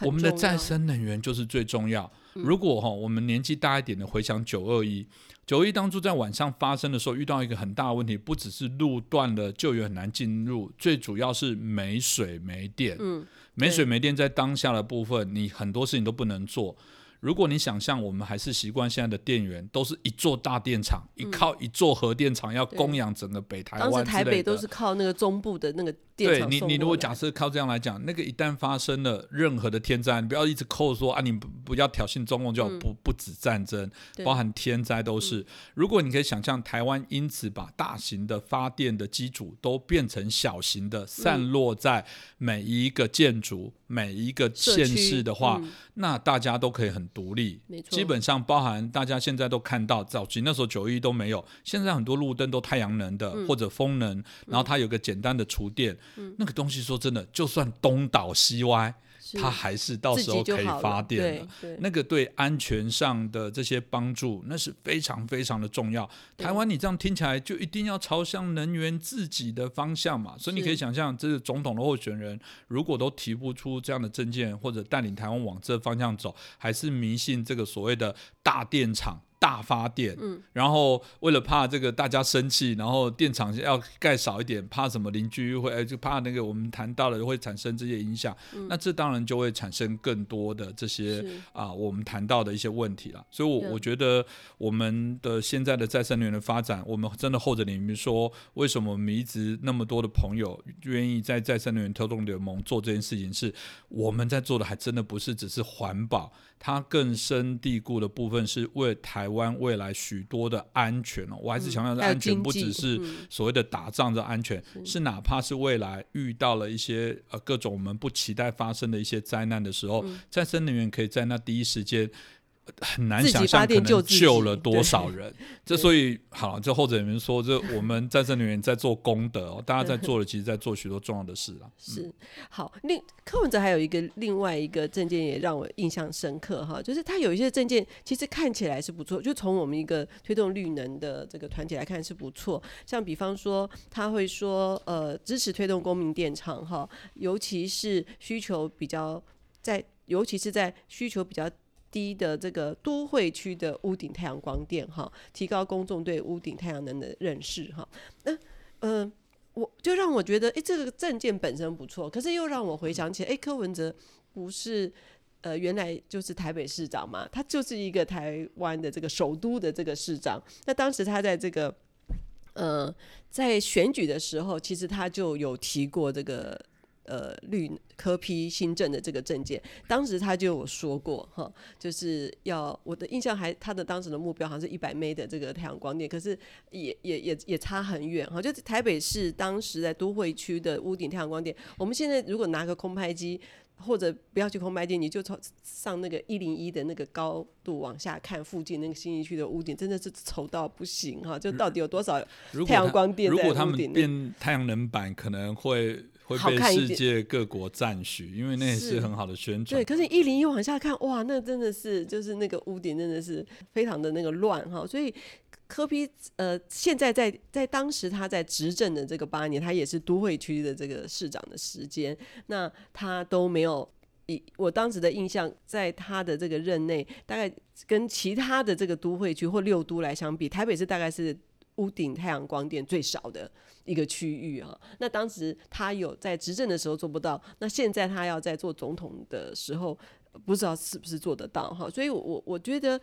對我們的再生能源就是最重要。重要如果哈我們年紀大一點的回想九二一，九一當初在晚上發生的時候，遇到一個很大的問題，不只是路斷了，救援很難進入，最主要是沒水沒電。嗯沒水沒電，在當下的部分，你很多事情都不能做。如果你想象我們還是習慣現在的電源，都是一座大電廠，一靠一座核電廠要供養整個北台灣、嗯。當時台北都是靠那個中部的那個電廠。對你，你如果假設靠這樣來講，那個一旦發生了任何的天災，你不要一直扣說啊，你不不要挑釁中共就、嗯、不不止戰爭，包含天災都是。嗯、如果你可以想象台灣因此把大型的發電的機組都變成小型的，散落在每一個建築。嗯每一個縣市的話，嗯、那大家都可以很獨立。沒錯，基本上包含大家現在都看到，早期那時候九一都沒有，現在很多路燈都太陽能的、嗯、或者風能，然後它有個簡單的儲電。嗯、那個東西說真的，就算東倒西歪。它還是到時候可以發電的，對對，那個對安全上的這些幫助，那是非常非常的重要。台灣，你這樣聽起來就一定要朝向能源自己的方向嘛。所以你可以想象，這個總統的候選人如果都提不出這樣的政見，或者帶領台灣往這方向走，還是迷信這個所謂的大電廠。大發電，嗯，然後為了怕這個大家生氣，然後電廠要蓋少一點，怕什麼鄰居會哎，就怕那個我們談到了會產生這些影響，嗯、那這當然就會產生更多的這些是啊，我們談到的一些問題了。所以我，我、嗯、我覺得我們的現在的再生能源的發展，我們真的厚著臉皮說，為什麼我們一直那麼多的朋友願意在再生能源推動聯盟做這件事情是，是我們在做的，還真的不是只是環保，它更深蒂固的部分是為台。未來許多的安全哦，我還是強調安全不只是所謂的打仗的安全，是哪怕是未來遇到了一些呃，各種我們不期待發生的一些災難的時候，再生能源可以在那第一時間。很難想象可能救了多少人，這所以好，這後者有人說，這我們在這裡面在做功德哦， 大家在做的其實，在做許多重要的事啊。 嗯、是好，那柯文哲還有一個另外一個政見也讓我印象深刻哈，就是他有一些政見其實看起來是不錯，就從我們一個推動綠能的這個團體來看是不錯，像比方說他會說呃支持推動公民電廠哈，尤其是需求比較在，尤其是在需求比較。低的這個都會區的屋頂太陽光電，哈，提高公眾對屋頂太陽能的認識，哈。那呃，我就讓我覺得，哎、欸，這個政見本身不錯，可是又讓我回想起，哎、欸，柯文哲不是呃原來就是台北市長嘛，他就是一個台灣的這個首都的這個市長。那當時他在這個呃在選舉的時候，其實他就有提過這個。呃，綠柯 P 新政的這個政見，當時他就說過哈，就是要我的印象還他的當時的目標好像是一百 m 的這個太陽光電，可是也也也也差很遠哈。就台北市當時在都會區的屋頂太陽光電，我們現在如果拿個空拍機，或者不要去空拍機，你就從上那個一零一的那個高度往下看附近那個信義區的屋頂，真的是醜到不行哈。就到底有多少太陽光電在屋頂內？如果他如果他們變太陽能板可能會。會被世界各國贊許，因為那也是很好的宣傳。對，可是一零一往下看，哇，那真的是就是那個屋頂真的是非常的那個亂哈。所以，柯 P 呃，現在在在當時他在執政的這個八年，他也是都會區的這個市長的時間，那他都沒有。以我當時的印象，在他的這個任內，大概跟其他的這個都會區或六都來相比，台北市大概是。屋頂太陽光電最少的一個區域哈、啊，那當時他有在執政的時候做不到，那現在他要在做總統的時候，不知道是不是做得到哈，所以我我，我覺得。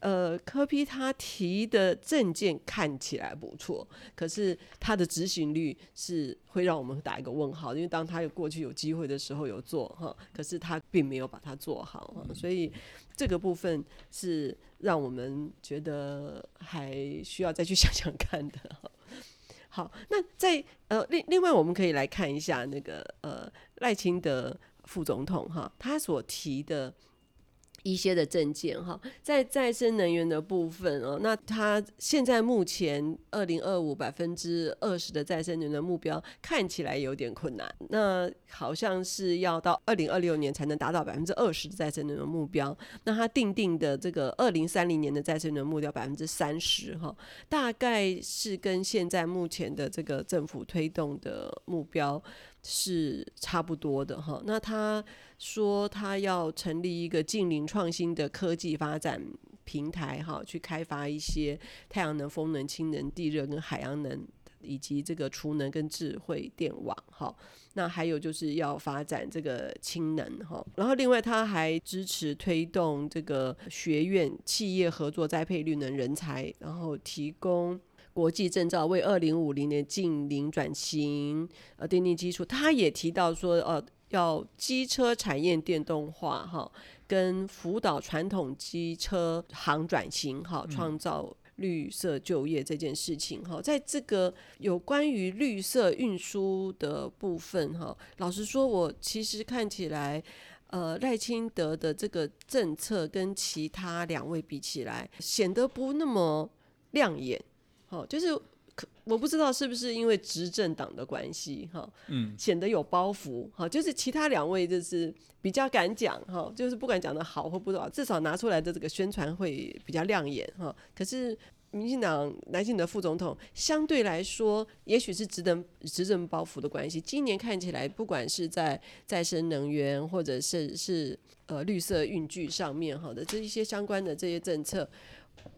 呃，柯 P 他提的政見看起來不錯，可是他的執行率是會讓我們打一個問號，因為當他有過去有機會的時候有做哈、哦，可是他並沒有把它做好、哦，所以這個部分是讓我們覺得還需要再去想想看的。哦、好，那在呃另另外我們可以來看一下那個呃賴清德副總統哈、哦，他所提的。一些的政見哈，在再生能源的部分哦，那他現在目前二零二五百分之二十的再生能源的目標看起來有點困難，那好像是要到二零二六年才能達到百分之二十的再生能源目標，那他定定的這個二零三零年的再生能源目標百分之三十哈，大概是跟現在目前的這個政府推動的目標。是差不多的哈。那他說他要成立一個淨零創新的科技發展平台哈，去開發一些太陽能、風能、氫能、地熱跟海洋能，以及這個儲能跟智慧電網哈。那還有就是要發展這個氫能哈。然後另外他還支持推動這個學院企業合作栽培綠能人才，然後提供。國際證照為二零五零年淨零轉型呃奠定，定基礎。他也提到說，呃，要機車產業電動化哈、哦，跟輔導傳統機車行轉型哈，創、哦、造綠色就業這件事情哈、嗯哦，在這個有關於綠色運輸的部分哈、哦，老實說，我其實看起來，呃，賴清德的這個政策跟其他兩位比起來，顯得不那麼亮眼。好、哦，就是可我不知道是不是因為執政黨的關係，哈、哦，顯、嗯、得有包袱。哈、哦，就是其他兩位就是比較敢講，哈、哦，就是不管講的好或不好，至少拿出來的這個宣傳會比較亮眼，哈、哦。可是民，民進黨南新的副總統，相對來說，也許是執政執政包袱的關係，今年看起來，不管是在再生能源或者是是呃綠色運具上面，哈的這一些相關的這些政策，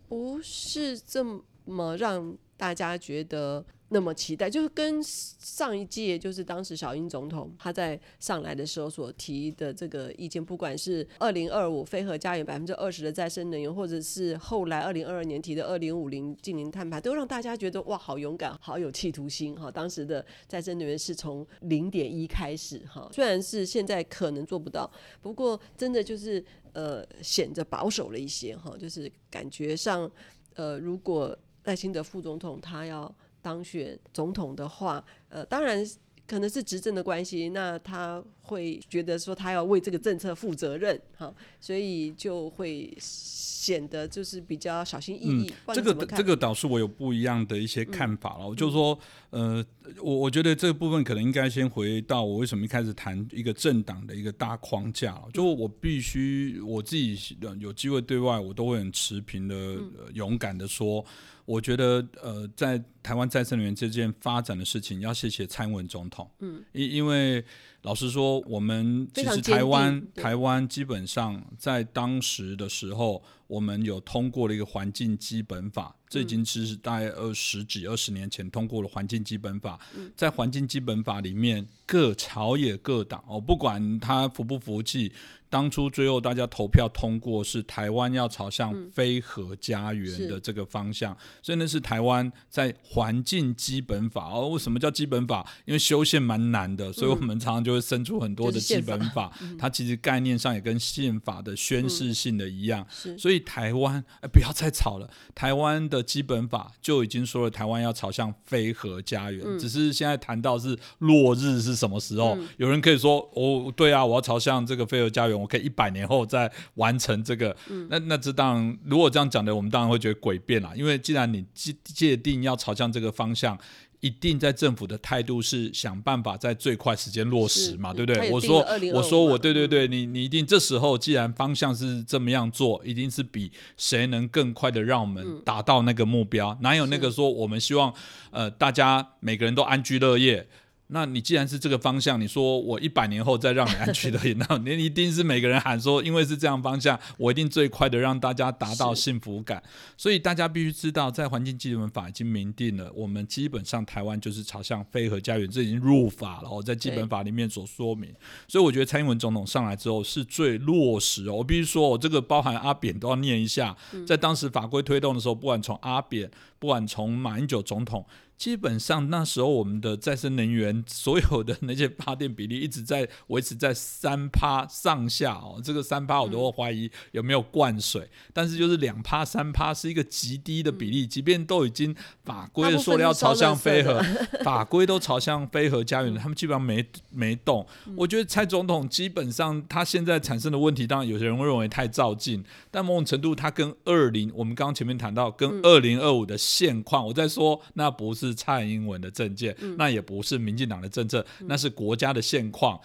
不是這麼。麼讓大家覺得那麼期待，就是跟上一屆，就是當時小英總統他在上來的時候所提的這個意見，不管是二零二五非核家園百分之二十的再生能源，或者是後來二零二二年提的二零五零淨零碳排，都讓大家覺得哇，好勇敢，好有企圖心哈。當時的再生能源是從零點一開始哈，雖然是現在可能做不到，不過真的就是呃顯得保守了一些哈，就是感覺上呃如果賴清德副總統他要當選總統的話，呃，當然可能是執政的關係，那他會覺得說他要為這個政策負責任，好，所以就會顯得就是比較小心翼翼。嗯嗯、這個這個倒是我有不一樣的一些看法了，嗯、就是說，呃，我我覺得這個部分可能應該先回到我為什麼一開始談一個政黨的一個大框架，就我必須，我自己有機會對外，我都會很持平的、嗯呃、勇敢的說。我覺得，呃，在台灣再生能源這件發展的事情，要謝謝蔡英文總統。因、嗯、因為老實說，我們其實台灣台灣基本上在當時的時候，我們有通過了一個環境基本法。這已經其實，大概二十幾、二十年前通過了《環境基本法》嗯。在《環境基本法》裡面，各朝野各黨哦，不管他服不服氣，當初最後大家投票通過是台灣要朝向非核家園的這個方向。嗯、所以那是台灣在《環境基本法》哦，為什麼叫基本法？因為修憲蠻難的，嗯、所以我們常常就會生出很多的基本法。法嗯、它其實概念上也跟憲法的宣誓性的一樣。嗯、所以台灣、哎、不要再吵了，台灣的。基本法就已經說了，台灣要朝向非核家園，嗯、只是現在談到是落日是什麼時候，嗯、有人可以說哦，對啊，我要朝向這個非核家園，我可以一百年後再完成這個。嗯、那那這當然，如果這樣講的，我們當然會覺得詭辯啦，因為既然你既界定要朝向這個方向。一定在政府的態度是想辦法在最快時間落實嘛，是對不對？我說我說我對對對，你你一定這時候既然方向是這麼樣做，一定是比誰能更快的讓我們達到那個目標，嗯、哪有那個說我們希望是呃大家每個人都安居樂業。那你既然是這個方向，你說我一百年後再讓你安居樂業，那你一定是每個人喊說，因為是這樣方向，我一定最快的讓大家達到幸福感。是所以大家必須知道，在環境基本法已經明定了，我們基本上台灣就是朝向非核家園，這已經入法了，我在基本法裡面所說明。對所以我覺得蔡英文總統上來之後是最落實哦，我必須說哦，這個包含阿扁都要念一下，在當時法規推動的時候，不管從阿扁。不管從馬英九總統，基本上那時候我們的再生能源所有的那些發電比例一直在維持在三趴上下哦，這個三趴我都會懷疑有沒有灌水，嗯、但是就是兩趴三趴是一個極低的比例，嗯、即便都已經法規說了要朝向非核， 法規都朝向非核家園，他們基本上沒沒動。嗯、我覺得蔡總統基本上他現在產生的問題，當然有些人會認為太躁進，但某種程度他跟二零我們剛剛前面談到跟二零二五的。現況，我在說，那不是蔡英文的政見，嗯、那也不是民進黨的政策，那是國家的現況。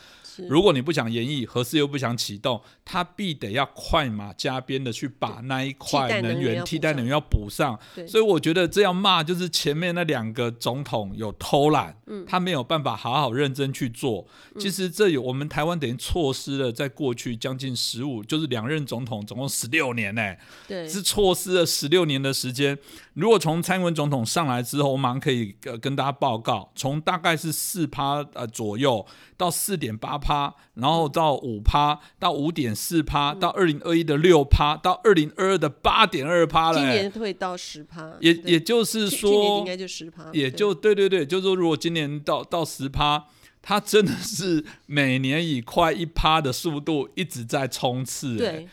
是如果你不想延役，核四又不想啟動，他必得要快馬加鞭的去把那一塊能源替代能源要補上。上對所以我覺得這樣罵就是前面那兩個總統有偷懶，嗯、他沒有辦法好好認真去做。其實這有我們台灣等於錯失了在過去將近十五、嗯，就是兩任總統總共十六年呢、欸。對，是錯失了十六年的時間。如果從蔡英文總統上來之後，我們還可以、呃、跟大家報告，從大概是四趴呃左右。到四點八趴，然後到五趴，到五點四趴，到二零二一的六趴，嗯、到二零二二的八點二趴了。今年會到十趴。也對也就是說，今年應該就十趴。也就對，對對對，就是說，如果今年到到十趴，它真的是每年以快一趴的速度一直在衝刺。對，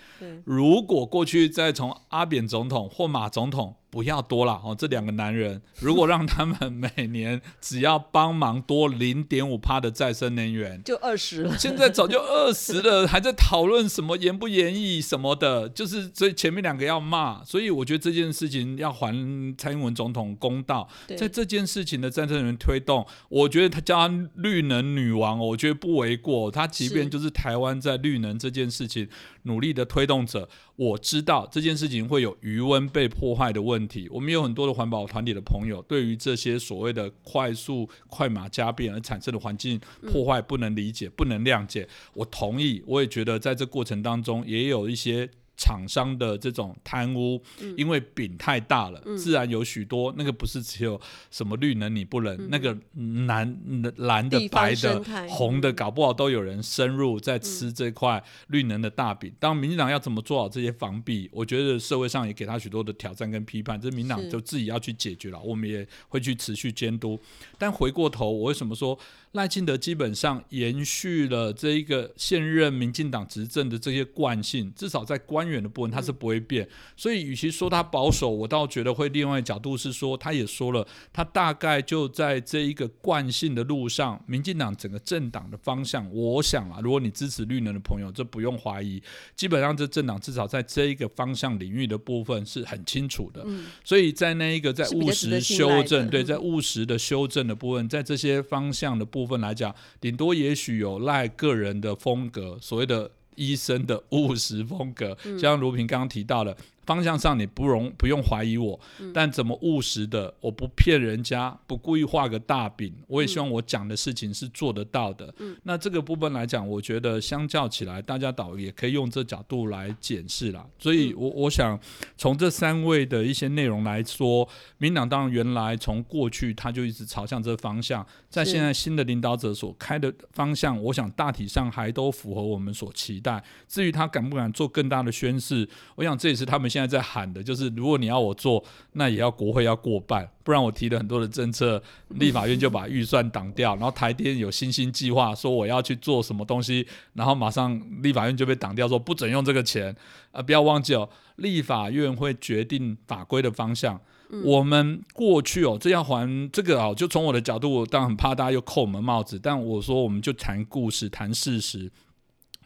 如果過去再從阿扁總統或馬總統。不要多了哦！這兩個男人，如果讓他們每年只要幫忙多零點五趴的再生能源，就二十了。現在早就二十了， 還在討論什麼言不言義什麼的，就是所以前面兩個要罵。所以我覺得這件事情要還蔡英文總統公道。對在這件事情的再生能源推動，我覺得他叫他綠能女王，我覺得不為過。他即便就是台灣在綠能這件事情努力的推動者。我知道這件事情會有餘溫被破壞的問題，我們有很多的環保團體的朋友，對於這些所謂的快速、快馬加鞭而產生的環境破壞不能理解、不能諒解。嗯、我同意，我也覺得在這過程當中也有一些。廠商的這種貪污，因為餅太大了，嗯、自然有許多那個不是只有什麼綠能你不能、嗯、那個藍藍的、白的、紅的，搞不好都有人深入在吃這塊綠能的大餅。嗯、當民進黨要怎麼做好這些防弊，我覺得社會上也給他許多的挑戰跟批判，這民進黨就自己要去解決了。是我們也會去持續監督。但回過頭，我為什麼說？賴清德基本上延續了這一個現任民進黨執政的這些慣性，至少在官員的部分，他是不會變。嗯、所以，與其說他保守，我倒覺得會另外一角度是說，他也說了，他大概就在這一個慣性的路上，民進黨整個政黨的方向，我想啊，如果你支持綠能的朋友，這不用懷疑，基本上這政黨至少在這一個方向領域的部分是很清楚的。嗯、所以在那一個在務實修正，對，在務實的修正的部分，在這些方向的部分。部分來講，頂多也許有賴個人的風格，所謂的醫生的務實風格，就、嗯、像如萍剛剛提到了。方向上你不容不用懷疑我，嗯、但怎麼務實的，我不騙人家，不故意畫個大餅，我也希望我講的事情是做得到的。嗯嗯、那這個部分來講，我覺得相較起來，大家倒也可以用這角度來檢視了。所以我，我我想從這三位的一些內容來說，民黨當然原來從過去他就一直朝向這個方向，在現在新的領導者所開的方向，是我想大體上還都符合我們所期待。至於他敢不敢做更大的宣示，我想這也是他們。現在在喊的就是，如果你要我做，那也要國會要過半，不然我提了很多的政策，立法院就把預算擋掉， 然後台電有新興計劃說我要去做什麼東西，然後馬上立法院就被擋掉，說不准用這個錢。啊、呃，不要忘記哦，立法院會決定法規的方向。嗯、我們過去哦，這要還這個啊、哦，就從我的角度，我當然很怕大家又扣我們帽子，但我說我們就談故事，談事實。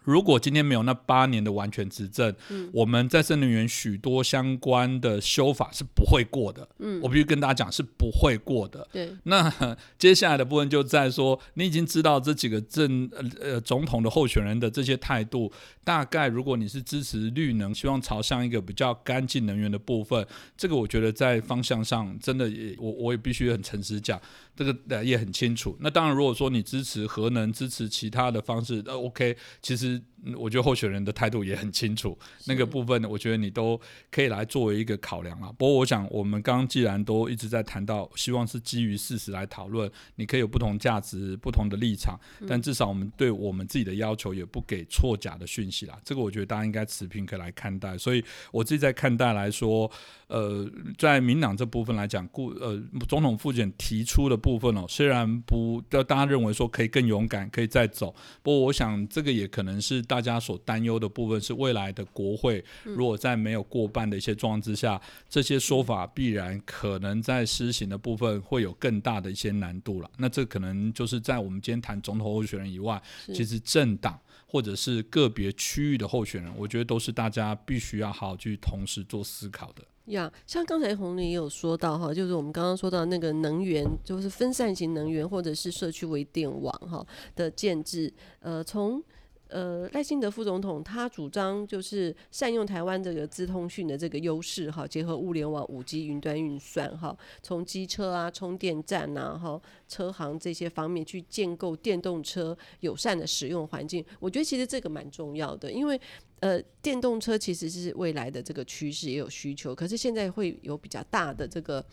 如果今天沒有那八年的完全執政，嗯、我們再生能源許多相關的修法是不會過的，嗯、我必須跟大家講是不會過的。對那接下來的部分就在說，你已經知道這幾個政呃呃總統的候選人的這些態度，大概如果你是支持綠能，希望朝向一個比較乾淨能源的部分，這個我覺得在方向上真的也我我也必須很誠實講。這個也很清楚。那當然，如果說你支持核能，支持其他的方式，那 OK，其實。我覺得候選人的態度也很清楚，那個部分我覺得你都可以來作為一個考量。不過，我想我們剛剛既然都一直在談到，希望是基於事實來討論，你可以有不同價值、不同的立場，但至少我們對我們自己的要求也不給錯假的訊息啦。這個我覺得大家應該持平可以來看待。所以我自己在看待來說，呃，在民黨這部分來講，故呃總統副選提出的部分哦，雖然不讓大家認為說可以更勇敢，可以再走，不過我想這個也可能是當。大家所擔憂的部分是未來的國會，如果在沒有過半的一些狀況之下，嗯、這些說法必然可能在施行的部分會有更大的一些難度了。那這可能就是在我們今天談總統候選人以外，是其實政黨或者是個別區域的候選人，我覺得都是大家必須要好好去同時做思考的。呀、嗯，像剛才宏林也有說到哈，就是我們剛剛說到那個能源，就是分散型能源或者是社區微電網哈的建置呃，從呃，賴清德副總統他主張就是善用台灣這個資通訊的這個優勢哈，結合物聯網、五 G、雲端運算哈，從機車啊、充電站啊、哈車行這些方面去建構電動車友善的使用環境。我覺得其實這個蠻重要的，因為呃，電動車其實是未來的這個趨勢，也有需求。可是現在會有比較大的這個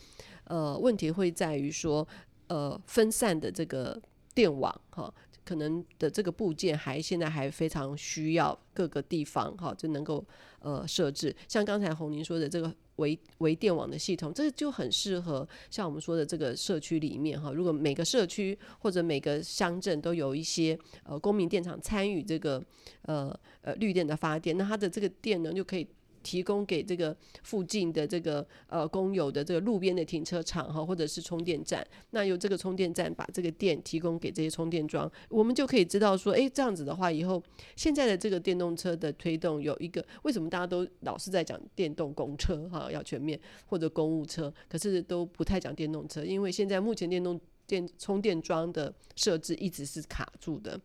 呃問題，會在於說呃分散的這個電網哈。呃可能的這個部件還現在還非常需要各個地方哈，就能夠呃設置，像剛才宏林說的這個微微電網的系統，這就很適合像我們說的這個社區裡面哈，如果每個社區或者每個鄉鎮都有一些呃公民電廠參與這個呃呃綠電的發電，那它的這個電呢就可以。提供給這個附近的這個呃公有的這個路邊的停車場哈，或者是充電站，那由這個充電站把這個電提供給這些充電樁，我們就可以知道說，哎，這樣子的話以後現在的這個電動車的推動有一個為什麼大家都老是在講電動公車哈要全面或者公務車，可是都不太講電動車，因為現在目前電動電充電樁的設置一直是卡住的。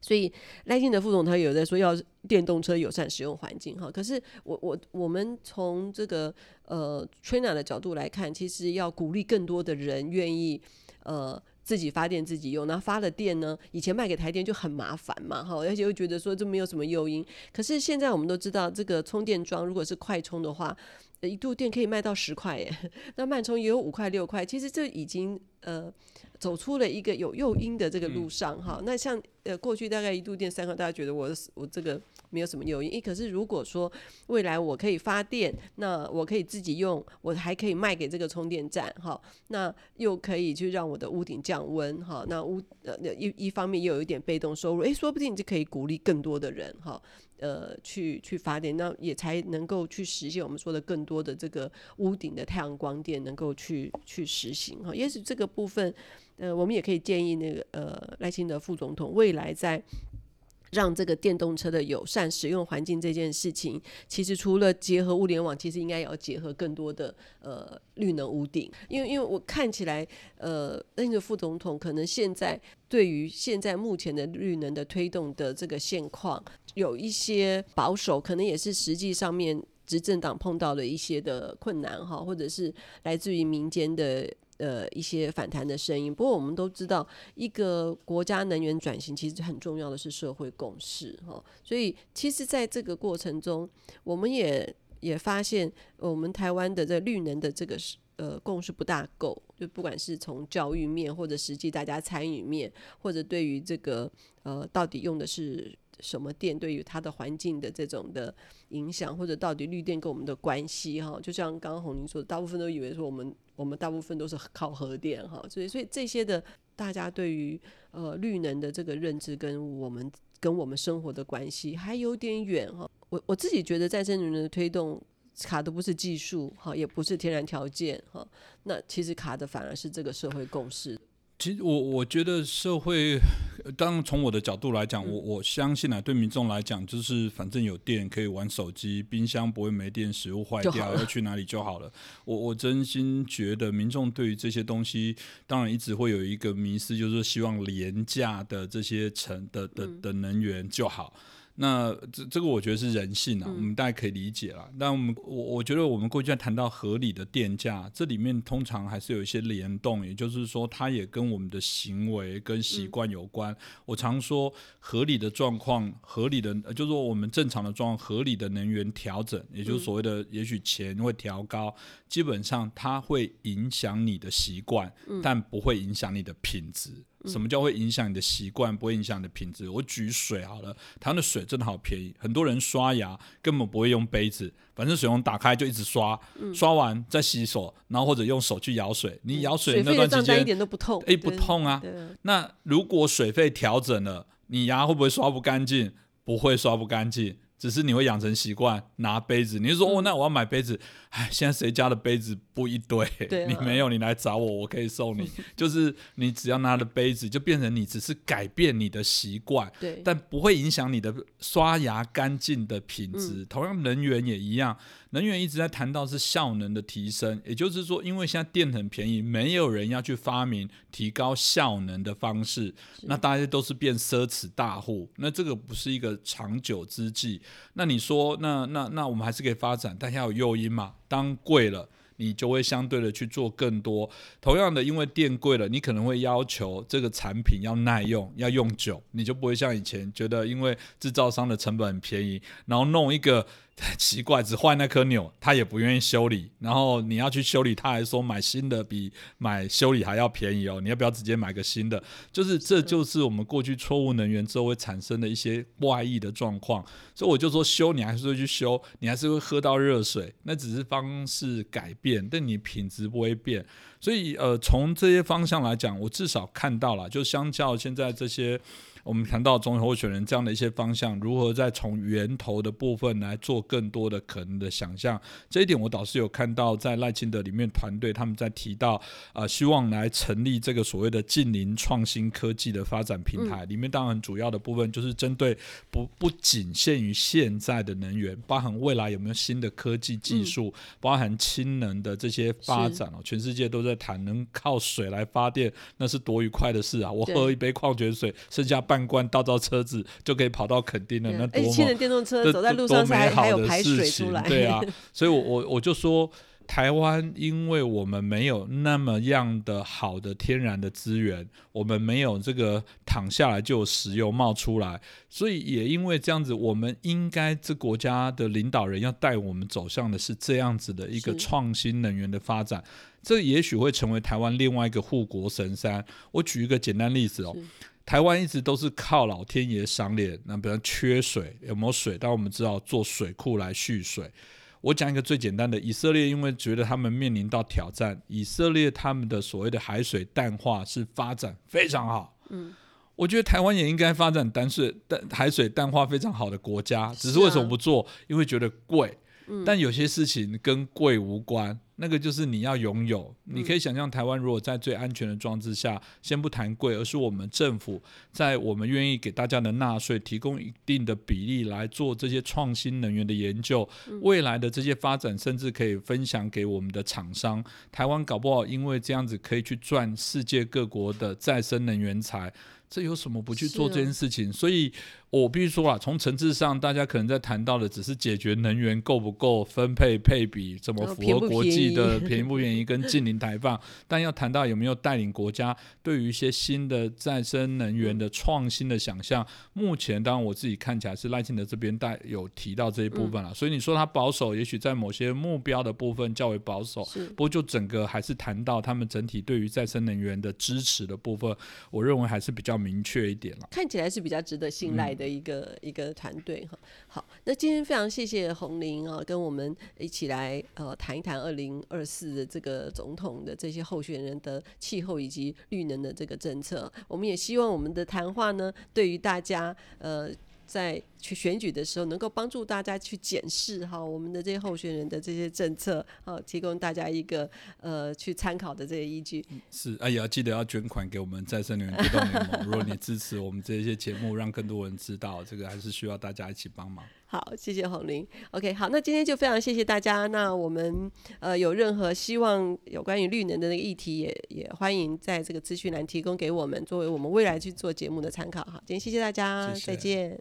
所以，賴信的副總他有在說要電動車友善使用環境哈。可是我，我我我們從這個呃 TRENA 的角度來看，其實要鼓勵更多的人願意呃自己發電自己用，那發了電呢，以前賣給台電就很麻煩嘛哈，而且又覺得說這沒有什麼誘因。可是現在我們都知道，這個充電樁如果是快充的話，一度電可以賣到十塊耶，那慢充也有五塊六塊，其實這已經呃。走出了一個有誘因的這個路上哈、嗯，那像呃過去大概一度電三塊，大家覺得我我這個沒有什麼誘因、欸，可是如果說未來我可以發電，那我可以自己用，我還可以賣給這個充電站哈，那又可以去讓我的屋頂降溫哈，那屋呃那一一方面又有一點被動收入，誒、欸，說不定就可以鼓勵更多的人哈，呃去去發電，那也才能夠去實現我們說的更多的這個屋頂的太陽光電能夠去去實行哈，也許這個部分。呃，我們也可以建議那個呃，賴清德副總統，未來在讓這個電動車的友善使用環境這件事情，其實除了結合物聯網，其實應該也要結合更多的呃綠能屋頂，因為因為我看起來，呃，賴清德副總統可能現在對於現在目前的綠能的推動的這個現況有一些保守，可能也是實際上面執政黨碰到了一些的困難哈，或者是來自於民間的。呃，一些反彈的聲音。不過我們都知道，一個國家能源轉型其實很重要的是社會共識哈、哦。所以其實在這個過程中，我們也也發現，我們台灣的在綠能的這個呃共識不大夠。就不管是從教育面，或者實際大家參與面，或者對於這個呃到底用的是什麼電，對於它的環境的這種的影響，或者到底綠電跟我們的關係哈、哦，就像剛剛宏林說，大部分都以為說我們。我們大部分都是靠核電哈，所以所以這些的大家對於呃綠能的這個認知跟我們跟我們生活的關係還有點遠哈。我我自己覺得再生能源的推動卡的不是技術哈，也不是天然條件哈，那其實卡的反而是這個社會共識。其實我我覺得社會，當然從我的角度來講，嗯、我我相信啊，對民眾來講，就是反正有電可以玩手機，冰箱不會沒電，食物壞掉要去哪裡就好了。我我真心覺得民眾對於這些東西，當然一直會有一個迷思，就是希望廉價的這些成的的的能源就好。嗯那這這個我覺得是人性啊，嗯、我們大家可以理解啦。但我們我我覺得我們過去在談到合理的電價，這裡面通常還是有一些聯動，也就是說，它也跟我們的行為跟習慣有關。嗯、我常說合理的狀況，合理的就是說我們正常的狀況，合理的能源調整，也就是所謂的也許錢會調高，嗯、基本上它會影響你的習慣，嗯、但不會影響你的品質。什麼叫會影響你的習慣，不會影響你的品質？嗯、我舉水好了，它的水真的好便宜，很多人刷牙根本不會用杯子，反正水龍頭打開就一直刷，嗯、刷完再洗手，然後或者用手去舀水。你舀水那段時間，嗯、水費一點都不痛，哎，不痛啊。那如果水費調整了，你牙會不會刷不乾淨？不會刷不乾淨，只是你會養成習慣拿杯子。你就說、嗯、哦，那我要買杯子？唉，現在誰家的杯子不一堆、欸？對啊、你沒有，你來找我，我可以送你。 就是你只要拿着杯子，就變成你只是改變你的習慣，對但不會影響你的刷牙乾淨的品質。嗯、同樣能源也一樣，能源一直在談到是效能的提升，也就是說，因為現在電很便宜，沒有人要去發明提高效能的方式，是那大家都是變奢侈大戶，那這個不是一個長久之計。那你說，那那那我們還是可以發展，但要有誘因嘛？當貴了，你就會相對的去做更多。同樣的，因為電貴了，你可能會要求這個產品要耐用、要用久，你就不會像以前覺得，因為製造商的成本很便宜，然後弄一個。奇怪，只換那顆鈕，他也不願意修理。然後你要去修理，他還說買新的比買修理還要便宜哦。你要不要直接買個新的？就是這就是我們過去錯誤能源之後會產生的一些怪異的狀況。所以我就說修，你還是會去修，你還是會喝到熱水，那只是方式改變，但你品質不會變。所以，呃，從這些方向來講，我至少看到了，就相較現在這些我們談到總統候選人這樣的一些方向，如何再從源頭的部分來做更多的可能的想象。這一點我倒是有看到，在賴清德裡面團隊他們在提到，啊、呃，希望來成立這個所謂的淨零創新科技的發展平台。嗯、裡面當然主要的部分就是針對不不僅限於現在的能源，包含未來有沒有新的科技技術，嗯、包含氫能的這些發展哦，是全世界都在。能靠水來發電，那是多愉快的事啊！我喝一杯礦泉水，對剩下半罐倒到車子，就可以跑到墾丁了，對啊，那多麼，欸、的多，多，多美好的事情！還有排水出來對啊，所以我我我就說。 台灣，因為我們沒有那麼樣的好的天然的資源，我們沒有這個躺下來就有石油冒出來，所以也因為這樣子，我們應該這國家的領導人要帶我們走向的是這樣子的一個創新能源的發展，是這也許會成為台灣另外一個護國神山。我舉一個簡單例子哦，是台灣一直都是靠老天爺賞臉，那比方缺水，有沒有水？但我們知道做水庫來蓄水。我講一個最簡單的，以色列因為覺得他們面臨到挑戰，以色列他們的所謂的海水淡化是發展非常好。嗯，我覺得台灣也應該發展淡水、淡海水淡化非常好的國家，是啊、只是為什麼不做？因為覺得貴。嗯、但有些事情跟貴無關。那個就是你要擁有，你可以想象台灣如果在最安全的裝置下，先不談貴，而是我們政府在我們願意給大家的納稅提供一定的比例來做這些創新能源的研究，未來的這些發展甚至可以分享給我們的廠商。台灣搞不好因為這樣子可以去賺世界各國的再生能源財，這有什麼不去做這件事情？所以。哦、我必須說啊，從層次上，大家可能在談到的只是解決能源夠不夠、分配配比怎麼符合國際的便宜不便宜、 便宜不便宜跟淨零排放。但要談到有沒有帶領國家對於一些新的再生能源的創新的想象，目前當然我自己看起來是賴清德這邊帶有提到這一部分了。嗯、所以你說他保守，也許在某些目標的部分較為保守，是不過就整個還是談到他們整體對於再生能源的支持的部分，我認為還是比較明確一點了。看起來是比較值得信賴的。嗯的一個一個團隊哈，好，那今天非常謝謝宏林啊，跟我們一起來呃、啊、談一談二零二四的這個總統的這些候選人的氣候以及綠能的這個政策。我們也希望我們的談話呢，對於大家呃。在去選舉的時候，能夠幫助大家去檢視哈，我們的這些候選人的這些政策，好，提供大家一個呃去參考的這些依據。嗯、是啊，也要記得要捐款給我們再生能源推動聯盟。如果你支持我們這些節目，讓更多人知道，這個還是需要大家一起幫忙。好，謝謝宏林。OK，好，那今天就非常謝謝大家。那我們呃有任何希望有關於綠能的那個議題，也也歡迎在這個資訊欄提供給我們，作為我們未來去做節目的參考哈。今天謝謝大家，謝謝，再見。